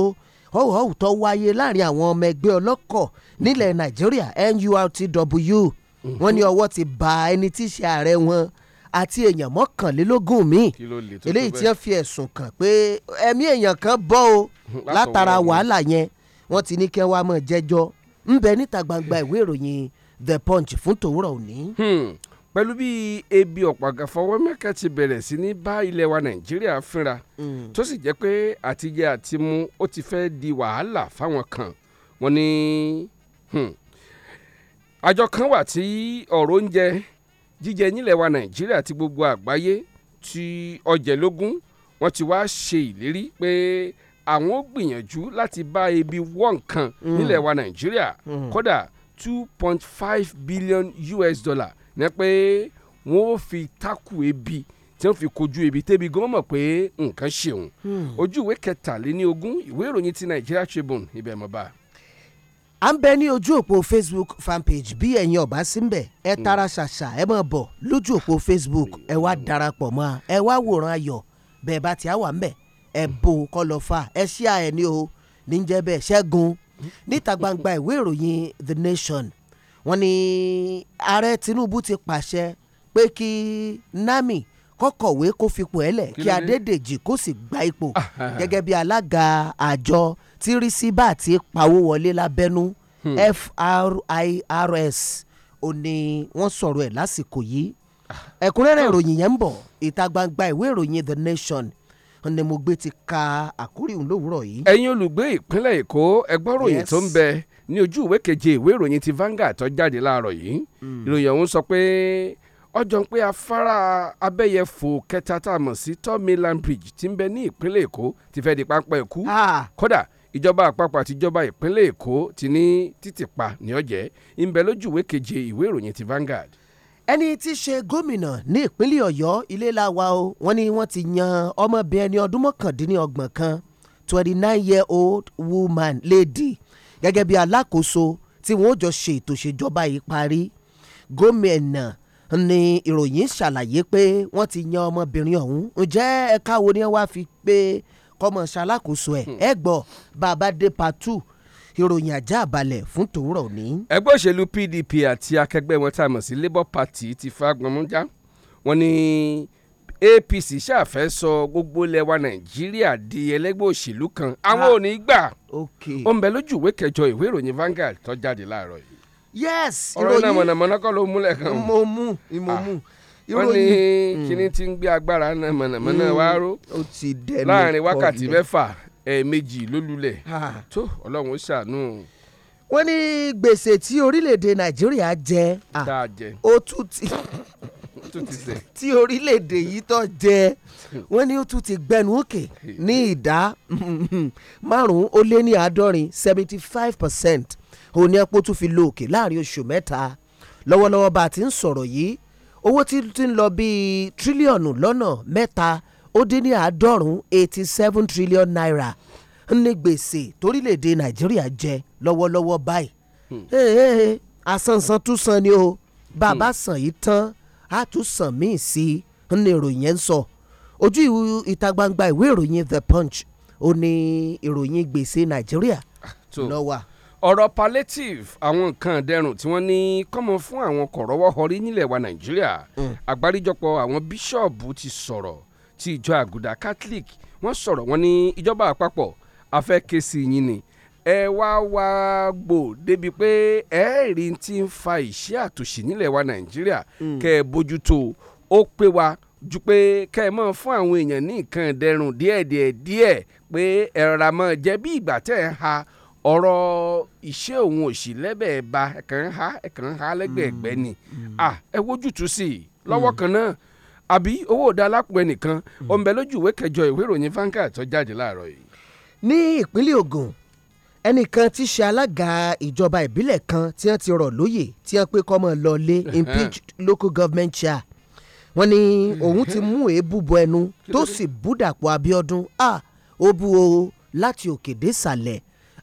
ọ̀hún tó wáyé láàrin àwọn ọmọ ẹgbẹ́ ọlọ́kọ̀ nílẹ̀ nàìjíríà NURTW wọ́n ní ọwọ́ ti ba ẹni tí í ṣe ààrẹ wọn àti èèyàn mọ́kànlélógún míì eléyìí tí wọ́n fi ẹ̀sùn kàn pé ẹ̀mí èèyàn kan bọ́ o látara wàhálà yẹn wọ́n ti ní kẹ́ wàá mọ̀ jẹ́jọ́ ńbẹ níta gbangba ìwé ìròyìn The Punch fún tòwúrọ̀ òní. Hmm pẹ̀lú bí ebi ọ̀pàgàfọwọ́ mẹ́kà ti bẹ̀rẹ̀ sí ní bá ilẹ̀ wa nàìjíríà fínra mm. tó sì jẹ́ pé àtijẹ àtimú ó ti fẹ́ di wàhálà fáwọn kan wọ́n ní hmm, àjọ kan wà tí ọ̀rọ̀ oúnjẹ jíjẹ nílẹ̀ wa nàìjíríà ti gbogbo àgbáyé ti ọ̀jẹ̀lógún wọ́n ti wá ṣe ìlérí pé àwọn ó gbìyànjú láti bá ebi wọ́ nǹkan mm. nílẹ̀ wa nàìjíríà mm. kódà two point five billion US dollar ní pé wọ́n ó fi tákù ebi tí wọ́n fi kojú ebi tẹ́bi gan mọ̀ pé nǹkan ṣeun hmm. ojú ìwé kẹtàléní ìwé ìròyìn ti Nigeria Tribune ibẹ̀ mọ̀ bá. à ń bẹ ní ojú òpó Facebook fanpage bí ẹ̀yin ọ̀bá sí ń bẹ̀ ẹ hmm. tara ṣàṣà ẹ máa bọ̀ lójú òpó Facebook ẹ wá hmm. darapọ̀ mọ́ ẹ wá wòran ayọ̀ bẹ́ẹ̀ bá ti á wà ń bẹ̀ ẹ bò kọlọ́fà ẹ ṣí à ẹ ní o níjẹ́ bẹ́ẹ̀ ṣẹ́gun níta gbangba ìwé ìròyìn The Nation wọ́n ní ààrẹ Tinubu ti pàṣẹ pé kí nami kọ́kọ̀wé kó fipò ẹ̀ lẹ̀ kí Adédèjì kó sì gba ipò ah, ah, ah. gẹ́gẹ́ bí alága àjọ tí rí sí bá ti pawó wọlé lábẹ́nú hmm. FRIRS ò ní wọ́n sọ̀rọ̀ ẹ̀ lásìkò yìí ẹ̀kúnrẹ́rẹ́ ìròyìn yẹn ń bọ̀ ìta gbangba ìwé ìròyìn The Nation ni mo gbé ti ka àkórí òun lówùúrọ̀ yìí. ẹ̀yin olùgbé ìpínlẹ̀ Èkó ẹgbọ́n ròyìn tó ń bẹ ní ojú ìwé keje ìwé ìròyìn ti Vanguard tó jáde láàárọ̀ yìí hmm. ìròyìn ọ̀hún sọ pé ọjọ́ pé afárá abẹ́yẹfò kẹta tá a mọ̀ sí tomiland bridge ti ń bẹ ní ìpínlẹ̀ èkó ti fẹ́ di pápá ẹ̀kú kódà ìjọba àpapọ̀ àti ìpínlẹ̀ èkó ti ní títìpa ní ọ̀jẹ̀ ń bẹ lójú ìwé keje ìwé ìròyìn ti Vanguard ẹni tí í ṣe gómìnà ní ìpínlẹ̀ ọ̀yọ́ ilé làwa o wọ́n ní wọ́n ti yan ọmọbìnrin ọdún mọ́kàndínlọ́gbọ̀n kan twenty nine year old woman lady gẹ́gẹ́ bí alákòóso tí wọ́n jọ ṣe ètò ìṣèjọba yìí parí gómìnà ni ìròyìn ṣàlàyé pé wọ́n ti yan ọmọbìnrin ọ̀hún ǹjẹ́ ẹ̀ka wo ni wàá fi pé kọ́mọ ṣalákòóso ẹ̀ hmm. ẹ̀ gbọ́ bàbá dé part two ìròyìn ajá àbálẹ̀ fún tòwúrọ̀ ní. ẹgbẹ́ òṣèlú PDP àti akẹgbẹ́ wọn tá a mọ̀ sí Labour Party ti fagbọn mú wọn ni. Ni APC ṣàfẹ́ sọ gbogbo lẹwa Nàìjíríà di ẹlẹ́gbẹ́ òṣèlú kan àwọn ah. ò ní gbà ó ń bẹ lójú ìwé kẹjọ ìwé ìròyìn Vanguard tó jáde láàárọ̀ yìí. yes ìròyìn ọ̀rọ̀ náà mọ̀nàmọ́ná kọ́ ló múlẹ̀ kan. mo mú mo mú ah. wọ́n ní kíní tí ń gbé agbára náà mọ̀nàmọ́ná hmm, wá ró láàrin wákàtí mẹ́fà ẹ̀ẹ̀mejì ló lulẹ̀ tó ọlọ́run ó ṣàánú wọ́n ní gbèsè tí orílẹ̀-èdè nàìjíríà jẹ́ ah, ó tún ti tún ti sẹ̀. tí orílẹ̀-èdè yìí tó jẹ wọ́n ní ó tún ti gbẹnu òkè ní ìdá mm-hmm, márùn-ún ó lé ní àádọ́rin seventy five percent òun ni epo tún fi lo òkè láàrin oṣù mẹ́ta lọ́wọ́lọ́wọ́ bá a ti ń sọ̀rọ̀ yìí owó ti ń lọ bíi tírílíọ̀nù lọ́nà mẹ́ta ó dín ní àádọ́rùn-ún eighty seven trillion naira ní gbèsè torílẹ̀-èdè nàìjíríà jẹ lọ́wọ́lọ́wọ́ báyìí hmm. asansan tún san ni o bàbá hmm. san yìí tán àtúnṣàn míì sí i ní ìròyìn yẹn ń sọ ojú ìta gbangba ìwé ìròyìn the punch ó ní ìròyìn gbèsè nàìjíríà lọ́wọ́ ọ̀rọ̀ palliative àwọn nǹkan ìdẹ̀rùn tí wọ́n ní kọ́mọ fún àwọn kọ̀rọ̀wọ́ họrí nílẹ̀ wa nàìjíríà mm. àgbáríjọpọ̀ àwọn bíṣọ̀bù ti sọ̀rọ̀ ti ìjọ àgùdà catholic wọ́n sọ̀rọ̀ wọ́n ní ìjọba àpapọ̀ afẹ́ ké sí yín ni ẹ wá wá gbò débi pé ẹ rí n ti fa ìṣẹ́ àtòṣì nílẹ̀ wa nàìjíríà hmm. kẹ́ ẹ bójú tó ó pé wa ju pé kẹ́ ẹ mọ̀ fún àwọn èèyàn ní nǹkan ìdẹ̀rùn díẹ̀díẹ̀ díẹ̀ pé ẹ rà mọ̀ bí ìgbà tẹ́ ẹ ha ọ̀rọ̀ ìṣe òun òṣì lẹ́bẹ̀ẹ́ ba ẹ kàn ń ha ẹ kàn ń ha lẹ́gbẹ̀ẹ́gbẹ́ hmm. ni hmm. ẹ wójútùú sí i lọ́wọ́ kan náà àbí owó òdà alápò ẹnìkan ọ̀nbẹ lójú ìwé kẹjọ ìwé ìròyìn Vanguard tó jáde láàárọ̀ yìí. ní ìpínlẹ̀ Ògùn ẹnìkan tí í ṣe alága ìjọba ìbílẹ̀ kan tí wọ́n ti rọ̀ lóyè tí wọ́n pé kọ́mọ lọ́lé impeached local government chair wọ́n ní òun ti mú èébú bọ ẹnu tó sì bú Dàpọ̀ a ó bú o láti òkè dé sàlẹ̀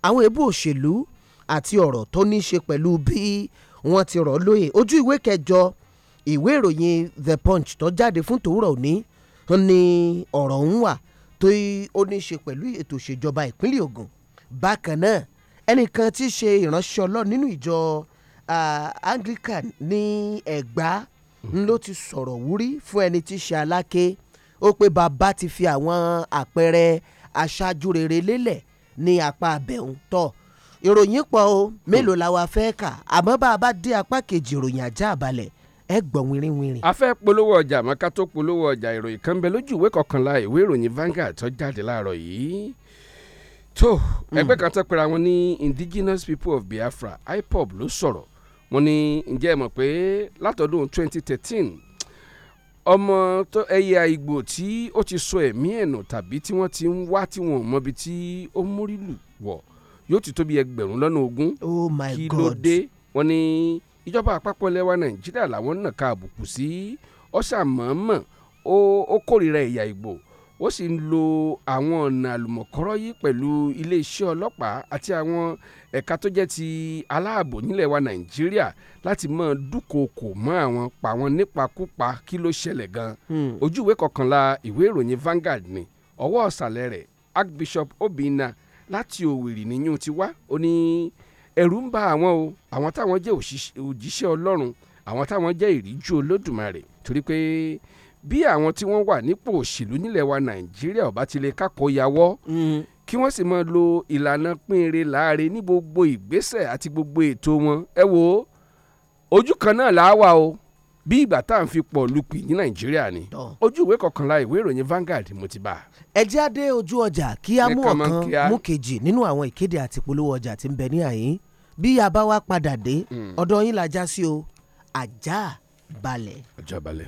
àwọn èébú òṣèlú àti ọ̀rọ̀ tó ní í ṣe pẹ̀lú bí wọ́n ti rọ̀ lóyè ojú ìwé kẹjọ ìwé ìròyìn The Punch tó jáde fún tòwúrọ̀ òní ni ọ̀rọ̀ ń wà tó ó ní ṣe pẹ̀lú ètò ìṣèjọba ìpínlẹ̀ Ògùn bákan náà ẹnìkan tí í ṣe ìránṣẹ́ ọlọ́run nínú ìjọ Anglican ní Ẹ̀gbá hmm. ló ti sọ̀rọ̀ wúrí fún ẹni tí í ṣe Aláké ó pé bàbá ti fi àwọn àpẹẹrẹ aṣáájú rere lélẹ̀ ní apá abẹ́hùn tọ̀ ìròyìn pọ̀ o mélòó la wa fẹ́ kà àmọ́ bá a bá dé apá kejì ìròyìn ajá balẹ̀ ẹ gbọ́ wìrìwìrì. a fẹ́ polówó ọjà àmọ́ ká tó polówó ọjà ìròyìn kan bẹ lójú ìwé kọkànlá ìwé ìròyìn Vanguard tó jáde láàárọ̀ yìí tó hmm. ẹgbẹ́ kan tó pera wọn ní indigenous people of biafra ipob ló sọ̀rọ̀ wọn ní ǹjẹ́ ẹ mọ̀ pé látọdún 2013 ọmọ tó ẹ̀yà ìgbò tí ó ti sọ ẹ̀mí ẹ̀nà tàbí tí wọ́n ti ń wá tí wọ́n mọbi tí ó mórí lù wọ̀ yóò ti tó bí ẹgbẹ̀rún lọ́nà ogún oh my God kí ló dé wọn ní ìjọba àpapọ̀ ilẹ̀ wa nàìjíríà làwọn nàka àbùkù sí ọ̀sà mọ̀ọ́mọ̀ ó kórìíra ẹ̀yà ìgbò ó sì ń lo àwọn ọ̀nà àlùmọ̀kọ́rọ́ yìí pẹ̀lú iléeṣẹ́ ọlọ́pàá àti àwọn ẹ̀ka tó jẹ́ ti aláàbò nílẹ̀ wa nàìjíríà láti máa dúkookò mọ́ àwọn pa wọn nípakúpa kí ló ṣẹlẹ̀ gan. Hmm. ojú kọkànlá ìwé ìròyìn Vanguard ni ọwọ́ ọ̀sàlẹ̀ rẹ̀ Archbishop Obinna láti Òwìrì nìyẹn ti wá ó ní ẹ̀rù ń bà àwọn o àwọn táwọn jẹ́ òjíṣẹ́ Ọlọ́run àwọn táwọn jẹ́ ìríjú Olódùmarè torí pé bí àwọn tí wọ́n wà nípò òṣèlú nílẹ̀ wa nàìjíríà ọ̀bá ti lè kákọ́ yàwọ́ mm. kí wọ́n sì máa lo ìlànà pínrin láàre ní gbogbo ìgbésẹ̀ àti gbogbo ètò wọn ẹ wo ojú kan náà là á wà o bí ìgbà tá à ń fi pọ̀ lupì ní nàìjíríà ni ojú ìwé kọkànlá ìwé ìròyìn Vanguard mo ti bá. ẹ jẹ́ adé ojú ọjà kí a mú ọ̀kan mú kejì nínú àwọn ìkéde àti polówó ọjà tí ń bẹ ní àyín bí a bá wá padà dé mm. ọ̀dọ̀ yín la já sí o ajá balẹ̀. ajá balẹ̀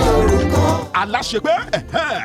aláṣepé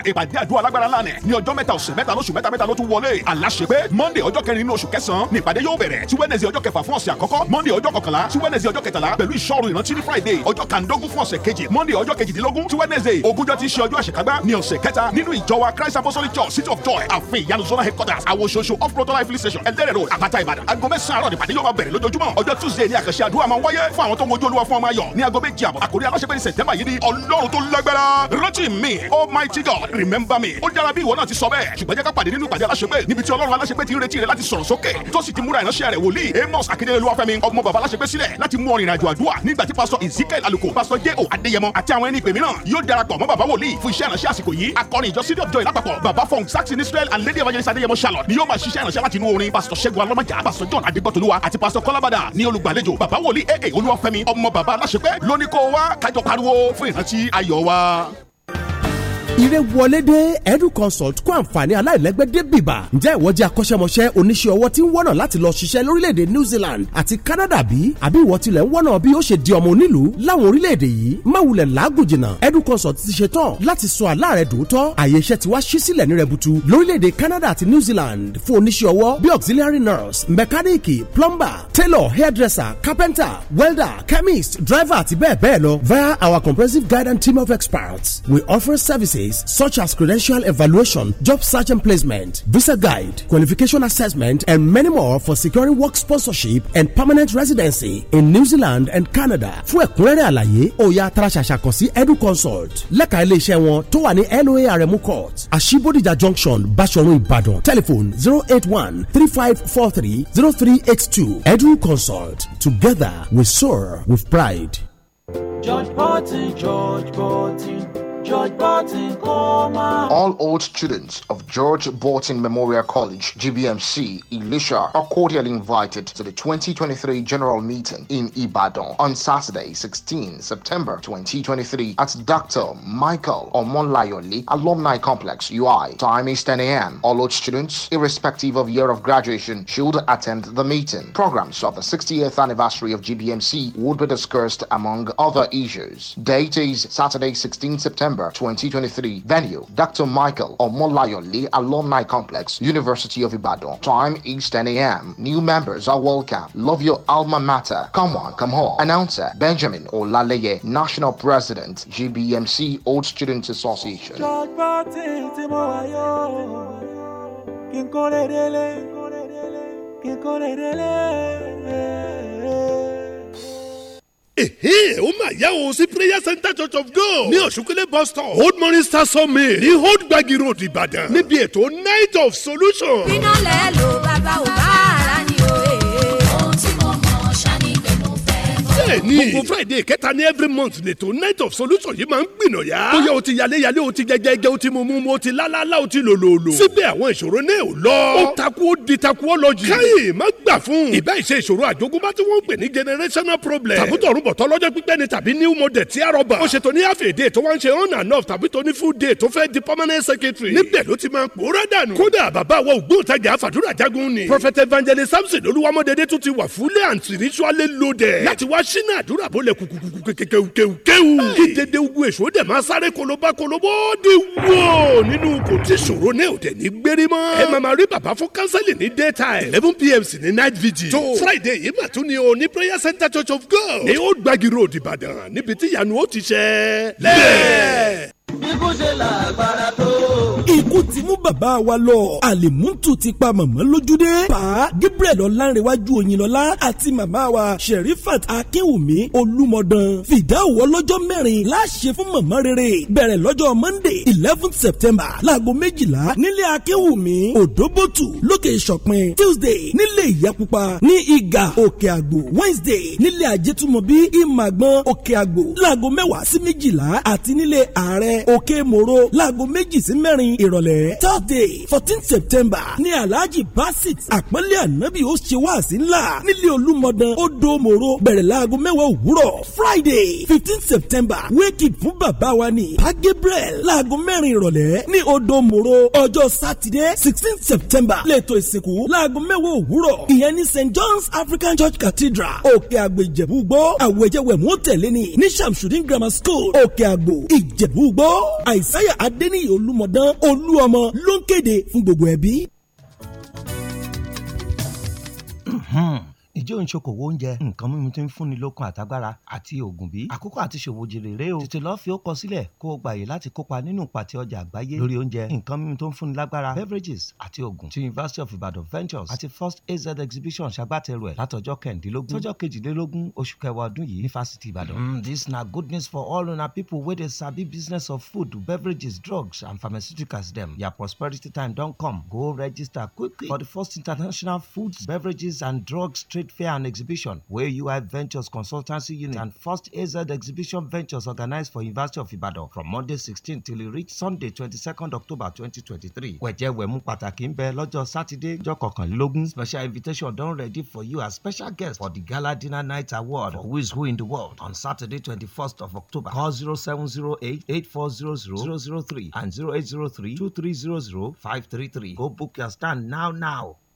ìpàdé àdúrà alágbára lánàá ní ọjọ́ mẹ́ta ọ̀sẹ̀ mẹ́ta lóṣù mẹ́ta mẹ́ta ló tún wọlé aláṣepé monday ọjọ́ kẹrin nínú oṣù kẹsàn-án ní ìpàdé yóò bẹ̀rẹ̀ tí wednesday ọjọ́ kẹfà fún ọ̀sẹ̀ àkọ́kọ́ monday ọjọ́ kọkànlá tí wednesday ọjọ́ kẹtàlá pẹ̀lú ìṣọ́run ìrántí ní friday ọjọ́ kàndógún fún ọ̀sẹ̀ kejì monday ọjọ́ kejìdínlógún tí wednesday ogúnjọ́ ti ṣe ọjọ́ àṣekágbá ní ọ̀sẹ̀ kẹta nínú ìjọ wa christ apostolic church city of joy àfin ìyanu zona headquarters àwòṣoṣo off road life station ẹlẹ́rẹ̀ road àpáta ìbàdàn aago mẹ́sàn-án àárọ̀ nípàdé yóò máa bẹ̀rẹ̀ lójoojúmọ́ ọjọ́ tuesday ní àkànṣe àdúrà máa wáyé fún àwọn tó ń wojú olúwa fún ọmọ ayọ̀ ní aago méjì àbọ̀ àkórí aláṣẹ́pẹ́ ní sẹ̀tẹ́mbà yìí ni ọlọ́run tó lágbára ránt jìn mí almighty god remember me ó dára bí ìwọ náà ti sọ bẹ́ẹ̀ ṣùgbọ́n jẹ́ ká pàdé nínú ìpàdé aláṣepé níbi tí ọlọ́run aláṣepé ti ń retí rẹ láti sọ̀rọ̀ sókè tó sì ti múra ìránṣẹ́ rẹ̀ wòlíì amos akíndélé olúwafẹ́mi ọmọ bàbá aláṣepé sílẹ̀ láti mú ọrìn ìrìnàjò àdúrà nígbà tí pásọ ezekiel aluko pásọ j o adéyẹmọ àti àwọn ẹni ìpè mìíràn yóò darapọ̀ mọ́ bàbá wòlíì fún iṣẹ́ ìránṣẹ́ àsìkò yìí akọrin ìjọ sídìí ọjọ́ ìlápapọ̀ bàbá fọn saxon israel and lady evangelist adéyẹmọ charlotte ni yóò máa ṣiṣẹ́ ìránṣẹ́ láti inú orin pásọ ṣẹ́gun alọ́mọjà pásọ john adégbọ́tolúwa àti pásọ kọ́lábàdà ní olùgbàlejò bàbá wòlíì aa olúwafẹ́mi ọmọ bàbá aláṣepé lóníkó wa kájọ pariwo fún ìrántí ayọ̀ wa ire wọlé dé edu consult kó àǹfààní aláìlẹ́gbẹ́ dé bìbà ǹjẹ́ ìwọ jẹ́ akọ́ṣẹ́mọṣẹ́ oníṣẹ́ ọwọ́ tí ń wọ́nà láti lọ ṣiṣẹ́ lórílẹ̀‐èdè New Zealand àti Canada bí àbí ìwọ tilẹ̀ ń wọ́nà bí ó ṣe di ọmọ onílùú láwọn orílẹ̀‐èdè yìí má wulẹ̀ làágùn jìnnà edu consult ti ṣe tán láti sọ àlá rẹ dòótọ́ àyè iṣẹ́ ti wá ṣí sílẹ̀ ní rẹbutu lórílẹ̀‐èdè Canada àti New Zealand fún oníṣẹ́ ọwọ́ bí auxiliary nurse mẹkáníìkì plumber tailor hairdresser carpenter welder chemist driver àti bẹ́ẹ̀ bẹ́ẹ̀ lọ via our comprehensive guide and team of experts we offer services services such as credential evaluation, job search and placement, visa guide, qualification assessment, and many more for securing work sponsorship and permanent residency in New Zealand and Canada. Fún ẹ̀kúnrẹ́rẹ́ àlàyé, òòyà àtàràṣàṣà kàn sí EduConsult lẹ́ka iléeṣẹ́ wọn tó wà ní LOARM Court, Àṣìbódìjà Junction, Báṣọ̀run Ìbàdàn, telephone zero eight one three five four three zero three eight two. EduConsult, together we soar with pride. George Martin, George Martin. George Barton Coma. All old students of George Barton Memorial College, GBMC, Elisha, are cordially invited to the 2023 General Meeting in Ibadan on Saturday, 16 September 2023 at Dr. Michael Omonlayoli Alumni Complex, UI. Time is 10 a.m. All old students, irrespective of year of graduation, should attend the meeting. Programs of the 60th anniversary of GBMC would be discussed among other issues. Date is Saturday, 16 September 2023. Venue Dr. Michael Omolayole Alumni Complex, University of Ibadan. Time is 10 a.m. New members are welcome. Love your alma mater. Come on, come on. Announcer Benjamin Olaleye, National President, GBMC Old Students Association. Èhé, ó mà yá o sí prayer center church of God. Ní Òṣùkúlé bus stop, Old Morning Star Summit, ní Old Gbagi Road Ìbàdàn. Níbi ètò Night of Solution. Iná lẹ́ lo bàbá o. bẹ́ẹ̀ni gbogbo friday kẹta ní every month lètò night of solution yìí máa ń gbìnàyà. ó yẹ o ti yaléyalé o ti jẹjẹjẹ o ti mumu o ti lálálá o ti lòlòlò. síbẹ̀ àwọn ìṣòro náà ò lọ. ó takú ó di takú ó lọ jù. káyì má gbà fún. ìbá ìṣe ìṣòro àjogúnbá tí wọ́n ń pè ní generational problem. tàbí tọ̀run bọ̀ tọ́lọ́jọ́ pípẹ́ ni tàbí new model tí a rọ̀bà. ó ṣe tó ní half a day tó wá ń ṣe on and off tàbí tó ní full day tó fẹ́ di permanent secretary. níbẹ̀ ló ti máa pòórá dànù. kódà bàbá wa ògbóǹtajà àfàdúrà jagun ni. prophet evangelist samson olúwamọ́dédé tún ti wà fúlẹ̀ and spiritually loaded. láti wá ṣ sínú àdúrà bó lẹ kùkùkù kéwukéwukéwu. kí dédé ugu èso dẹ̀ máa sáré kolobá kolobó di wó nínú kò tí ṣòro náà ò dẹ̀ ní gbérí mọ́. ẹ màmá rí bàbá fún kánsẹ́lì ní daytime eleven pm sí ní night vigil. tó friday yìí mà tún ni o ní prayer center church of god. ní ó gbàgì road ìbàdàn níbi tí yanu ó ti ṣẹ. lẹ́ẹ̀. Bíkú ṣe làgbára tó. Ikú ti mú bàbá wa lọ. Àlèmútù ti pa màmá lójúdé. Pa Gabriel Ọlánrewájú Oyinlọ́lá àti màmá wa Sherifat Akínwùmí Olúmọdán. Fìdáwò ọlọ́jọ́ mẹ́rin láṣẹ fún màmá rere. Bẹ̀rẹ̀ lọ́jọ́ Monday eleven September láago méjìlá nílé Akínwùmí Òdòbòtù lókè Ìṣọ̀pin. Tuesday nílé Ìyápupa ní Ìgà Òkè Àgbò. Wednesday nílé Ajétúmọ̀bí Ìmàgbọ́n Òkè Àgbò láago mẹ́wàá sí méjìlá àti nílé Ààrẹ òkè mòro láago méjì sí mẹ́rin ìrọ̀lẹ́ thursday fourteen september ní alhaji basit àpọ́nlé ànábì ó ṣe wáàsí ńlá nílé olúmọdán odò mòro bẹ̀rẹ̀ láago mẹ́wàá òwúrọ̀ friday fifteen september wake it fún bàbá wa ní pa gabriel láago mẹ́rin ìrọ̀lẹ́ ní odò mòro ọjọ́ sátidé sixteen september lẹ́tọ̀ ìsìnkú láago mẹ́wàá òwúrọ̀ ìyẹn ní st john's african church cathedral òkè àgbè ìjẹ̀bú gbọ́ àwẹ̀jẹ̀wẹ̀mú tẹ̀lé ni ní shamsudin grammar school òkè àgbò ìjẹ̀bú gbọ́ àìsáyà adẹ́niyè olúmọdán olú ọmọ ló ń kéde fún gbogbo ẹbí. Ǹjẹ́ ò ń ṣokòwò oúnjẹ, nǹkan mímu tí ń fúnni lókun àtàgbàra àti òògùn bí? Àkókò àti ṣòwò jèrè rèé o. Tètè lọ fi ó kọ sílẹ̀ kó o gbààyè láti kópa nínú ìpàtẹ ọjà àgbáyé lórí oúnjẹ, nǹkan mímu tó ń fúnni lágbára, beverages àti òògùn tí University of Ibadan Ventures àti First AZ Exhibition ṣagbátẹrù ẹ̀ látọjọ́ kẹ̀ndínlógún sọ́jọ́ kejìlélógún oṣù kẹwàá ọdún yìí ní Fásitì Ìbàdàn. Mm, this na goodness for all una people wey dey sabi business of food, beverages, drugs and pharmaceuticals dem. Your prosperity time don come. Go register quickly for the first international foods, beverages and drugs trade Trade Fair and Exhibition, where UI Ventures Consultancy Unit and First AZ Exhibition Ventures organized for University of Ibadan from Monday 16 till it reached Sunday 22nd October 2023. Wẹ̀jẹ̀wẹ̀mú pàtàkì ń bẹ lọ́jọ́ Sátidé ọjọ́ kọkànlélógún. Special invitation don ready for you as special guest for the Gala Dinner Night Award for Who is Who in the World on Saturday 21st of October. Call 0708 8400 003 and 0803 2300 533. Go book your stand now now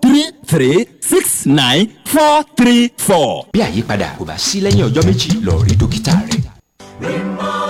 three three six nine four three four. bí àyípadà kò bá sí lẹ́yìn ọjọ́ méjì lọ rí dókítà rẹ. rímọ́.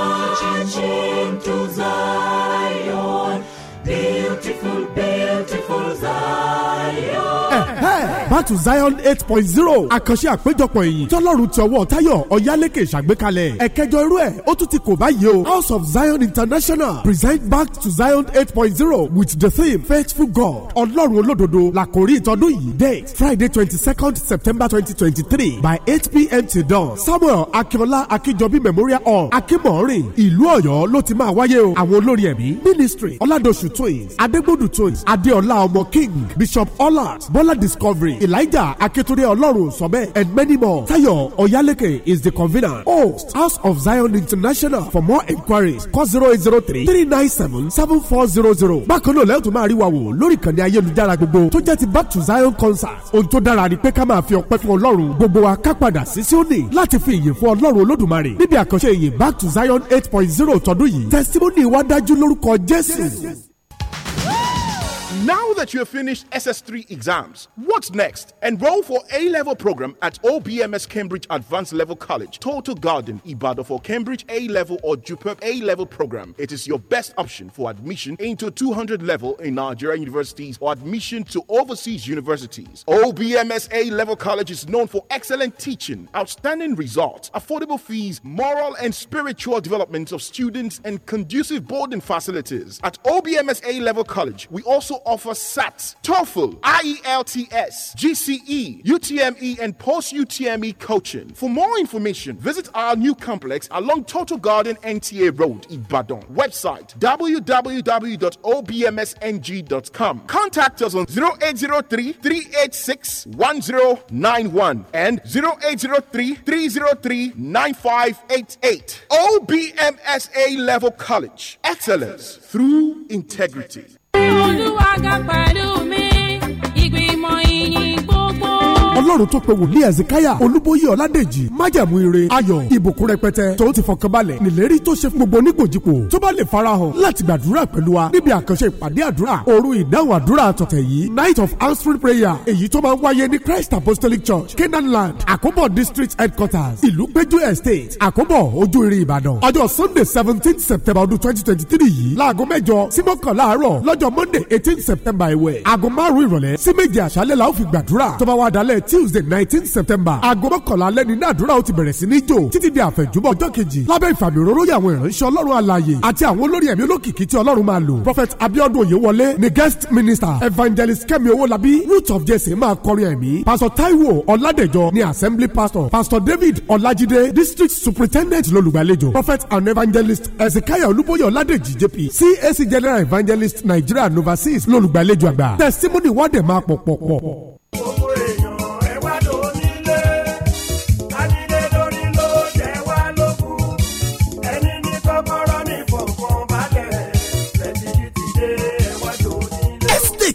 back to zion eight point zero àkànṣe àpéjọpọ̀ èyí tọ́lọ́run ti ọwọ́ táyọ̀ ọ̀yálékè ṣàgbékalẹ̀ ẹ̀kẹjọ irú ẹ̀ ó tún ti kò báyìí o house of zion international present back to zion eight point zero with the theme faithful god ọlọ́run olódodo làkòrí ìtọ́dún yìí date friday twenty second september twenty twenty three by eight pm till dawn samuel akinola akinjobi memorial hall akimori ìlú ọ̀yọ́ ló ti máa wáyé o àwọn olórí ẹ̀mí ministry Oladosu twins adégbòdù twins Adeola ọmọ king bishop ọlá bola discovery Elijah Akitunde Ọlọ́run sọ bẹ́ẹ̀ and many more. Tayo Oyaleke is the convener. Host House of Zion International. For more inquiries call zero eight zero three three nine seven seven four zero zero. Bákan náà lẹ́yìn tó máa rí wa wò lórí ìkànnì ayélujára gbogbo tó jẹ́ ti Back to Zion concert. Ohun tó dára ni pé ká máa fi ọpẹ́ fún Ọlọ́run gbogbo wa ká padà sí Síónì láti fi ìyìn fún Ọlọ́run Olódùmarè níbi àkànṣe ìyìn Back to Zion eight point zero tọdún yìí. Testimony wa dájú lórúkọ Jésù. Jésù. that you have finished SS3 exams, what's next? Enroll for A-level program at OBMS Cambridge Advanced Level College, Total Garden, Ibadan for Cambridge A-level or Jupiter A-level program. It is your best option for admission into 200 level in Nigerian universities or admission to overseas universities. OBMS A-level college is known for excellent teaching, outstanding results, affordable fees, moral and spiritual development of students and conducive boarding facilities. At OBMS A-level college, we also offer SATs, TOEFL, IELTS, GCE, UTME, and post UTME coaching. For more information, visit our new complex along Total Garden NTA Road, Ibadan. Website www.obmsng.com. Contact us on 0803 386 1091 and 0803 303 9588. OBMSA Level College. Excellence through integrity. olúwa ga pẹ̀lú mi ìgbìmọ̀ ìyìn ọlọ́run tó pe wòlíì ẹ̀sìkáyà olúbóyè ọ̀ládèjì májẹ̀mú ire ayọ̀ ìbùkún rẹpẹtẹ tó ti fọkànbalẹ̀ nìlérí tó ṣe fún gbogbo onígbòjìpò tó bá lè farahàn láti gbàdúrà pẹ̀lú wa níbi àkànṣe ìpàdé àdúrà òru ìdáhùn àdúrà àtọ̀tẹ̀ yìí night of answered prayer èyí tó máa ń wáyé ní christ apostolic church canaan land àkóbọ̀ district headquarters ìlú péjú estate àkóbọ̀ ojú irin ìbàdàn ọjọ́ sunday seventeen september ọdún twenty twenty three yìí láago mẹ́jọ sí mọ́kànlá àárọ̀ lọ́jọ́ monday eighteen september ìwẹ̀ aago márùn-ún ìrọ̀lẹ́ sí méje àṣálẹ́ la ó fi gbàdúrà tó bá wà dálẹ̀ tuesday nineteen september aago mọ́kànlá alẹ́ ní àdúrà ó ti bẹ̀rẹ̀ sí ní jò títí di àfẹ̀júbọ̀ ọjọ́ kejì lábẹ́ ìfàmì òróró yà àwọn ìránṣẹ́ ọlọ́run alààyè àti àwọn olórí ẹ̀mí olókìkí tí ọlọ́run máa lò prophet abiodun oyewole ni guest minister evangelist Kemi owólabí root of jesse máa kọrin ẹ̀mí pastor taiwo ọládẹjọ ni assembly pastor pastor david ọlájídé district superintendent lolùgbàlejò prophet and evangelist ezekiah olúbóyè ọládèjì jp cac general evangelist nigeria and overseas lolùgbàlejò àgbà testimony wàdẹ̀ máa pọ̀ pọ̀ pọ̀.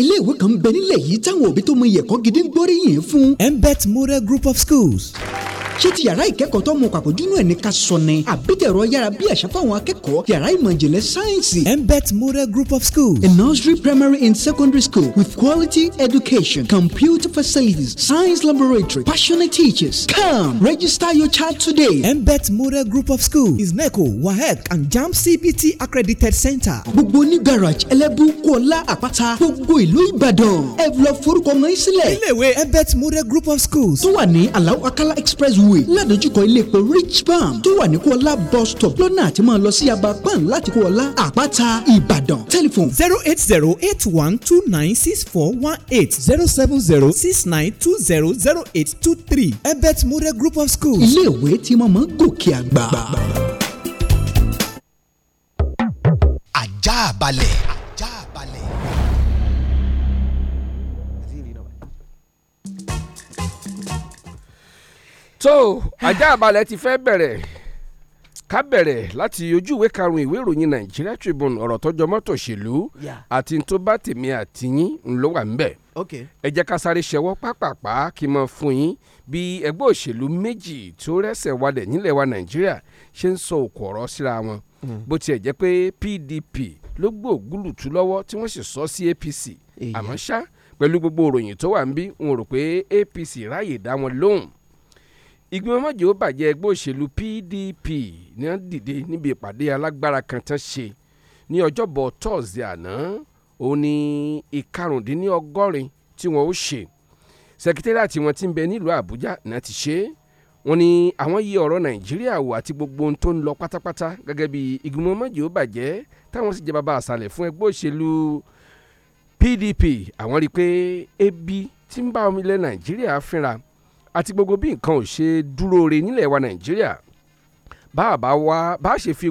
iléèwé kan ń bẹ nílẹ̀ yìí táwọn òbí tó mọ iyẹ̀kọ́ gidi ń gbóríyìn fún. mbet model group of schools ṣé ti yàrá ìkẹ́kọ̀ọ́ tó mọ pàpọ̀jùnú ẹ̀ ní ká sọ ni àbí tẹ̀rọ yára bí àṣà fáwọn akẹ́kọ̀ọ́ yàrá ìmọ̀ ìjìnlẹ̀ sáyẹ́nsì. mbet model group of schools a nursery primary and secondary school with quality education computer facilities science laboratory passionate teachers come register your child today. mbet model group of schools is neco waec and jamb cbt accredited center. gbogbo ní garage ẹlẹ́bù kọ́lá àpáta gbogbo ìlú ìbàdàn ẹ lọ forúkọ mọ́ sílẹ̀. iléèwé mbet model group of schools tó wà ní alau akala express way ládojúkọ ilé rich palm tó wà ní kóọlá bus stop lọ́nà àti máa lọ sí abapan láti kóọlá àpáta ìbàdàn tẹlifon. zero eight zero eight one two nine six four one eight zero seven zero six nine two zero zero eight two three ebet mure group of schools. ilé ìwé tí mo máa ń gòkè àgbà. ajá balẹ̀. tó ajá àbálẹ̀ ti fẹ́ bẹ̀rẹ̀ ká bẹ̀rẹ̀ láti ojú ìwé karùn-ún ìwé ìròyìn Nigeria Tribune ọ̀rọ̀ tó jọ mọ́tò ṣèlú àti tó bá tèmi àti yín ló wà ńbẹ̀. ẹ jẹ́ ká sáré ṣẹwọ́ pápápá kí n mọ fún yín bí ẹgbẹ́ òṣèlú méjì tó rẹ́sẹ̀ walẹ̀ nílẹ̀ wa Nàìjíríà ṣe ń sọ òkò ọ̀rọ̀ síra wọn. Hmm. bó tiẹ̀ jẹ́ pé PDP ló gbòògùlùtù lọ́wọ́ tí wọ́n sì sọ sí APC àmọ́ ṣá pẹ̀lú gbogbo ìròyìn tó wà ń bí wọn rò pé APC ráàyè dá wọn lóhùn ìgbìmọ̀ mọ́jọ ó bàjẹ́ ẹgbẹ́ òṣèlú PDP ní wọ́n dìde níbi ìpàdé alágbára kan tán ṣe ní ọjọ́bọ̀ tọ́ọ̀sì àná ó ní ìkarùndínlọ́gọ́rin tí wọ́n ó ṣe sẹkítẹ́rìàtì wọn ti ń bẹ nílùú Àbújá náà ti ṣe wọ́n ní àwọn yí ọ̀rọ̀ Nàìjíríà wò àti gbogbo ohun tó ń lọ pátápátá gẹ́gẹ́ bí ìgbìmọ̀ mọ́jọ bàjẹ́ táwọn sì jẹ́ bàbá àṣàlẹ̀ fún ẹgbẹ́ òṣèlú PDP àwọn rí i pé ebi tí ń bá omi ilẹ̀ Nàìjíríà fínra àti gbogbo bí nǹkan ò ṣe dúró re nílẹ̀ wa nàìjíríà bá a bá wá bá a ṣe fi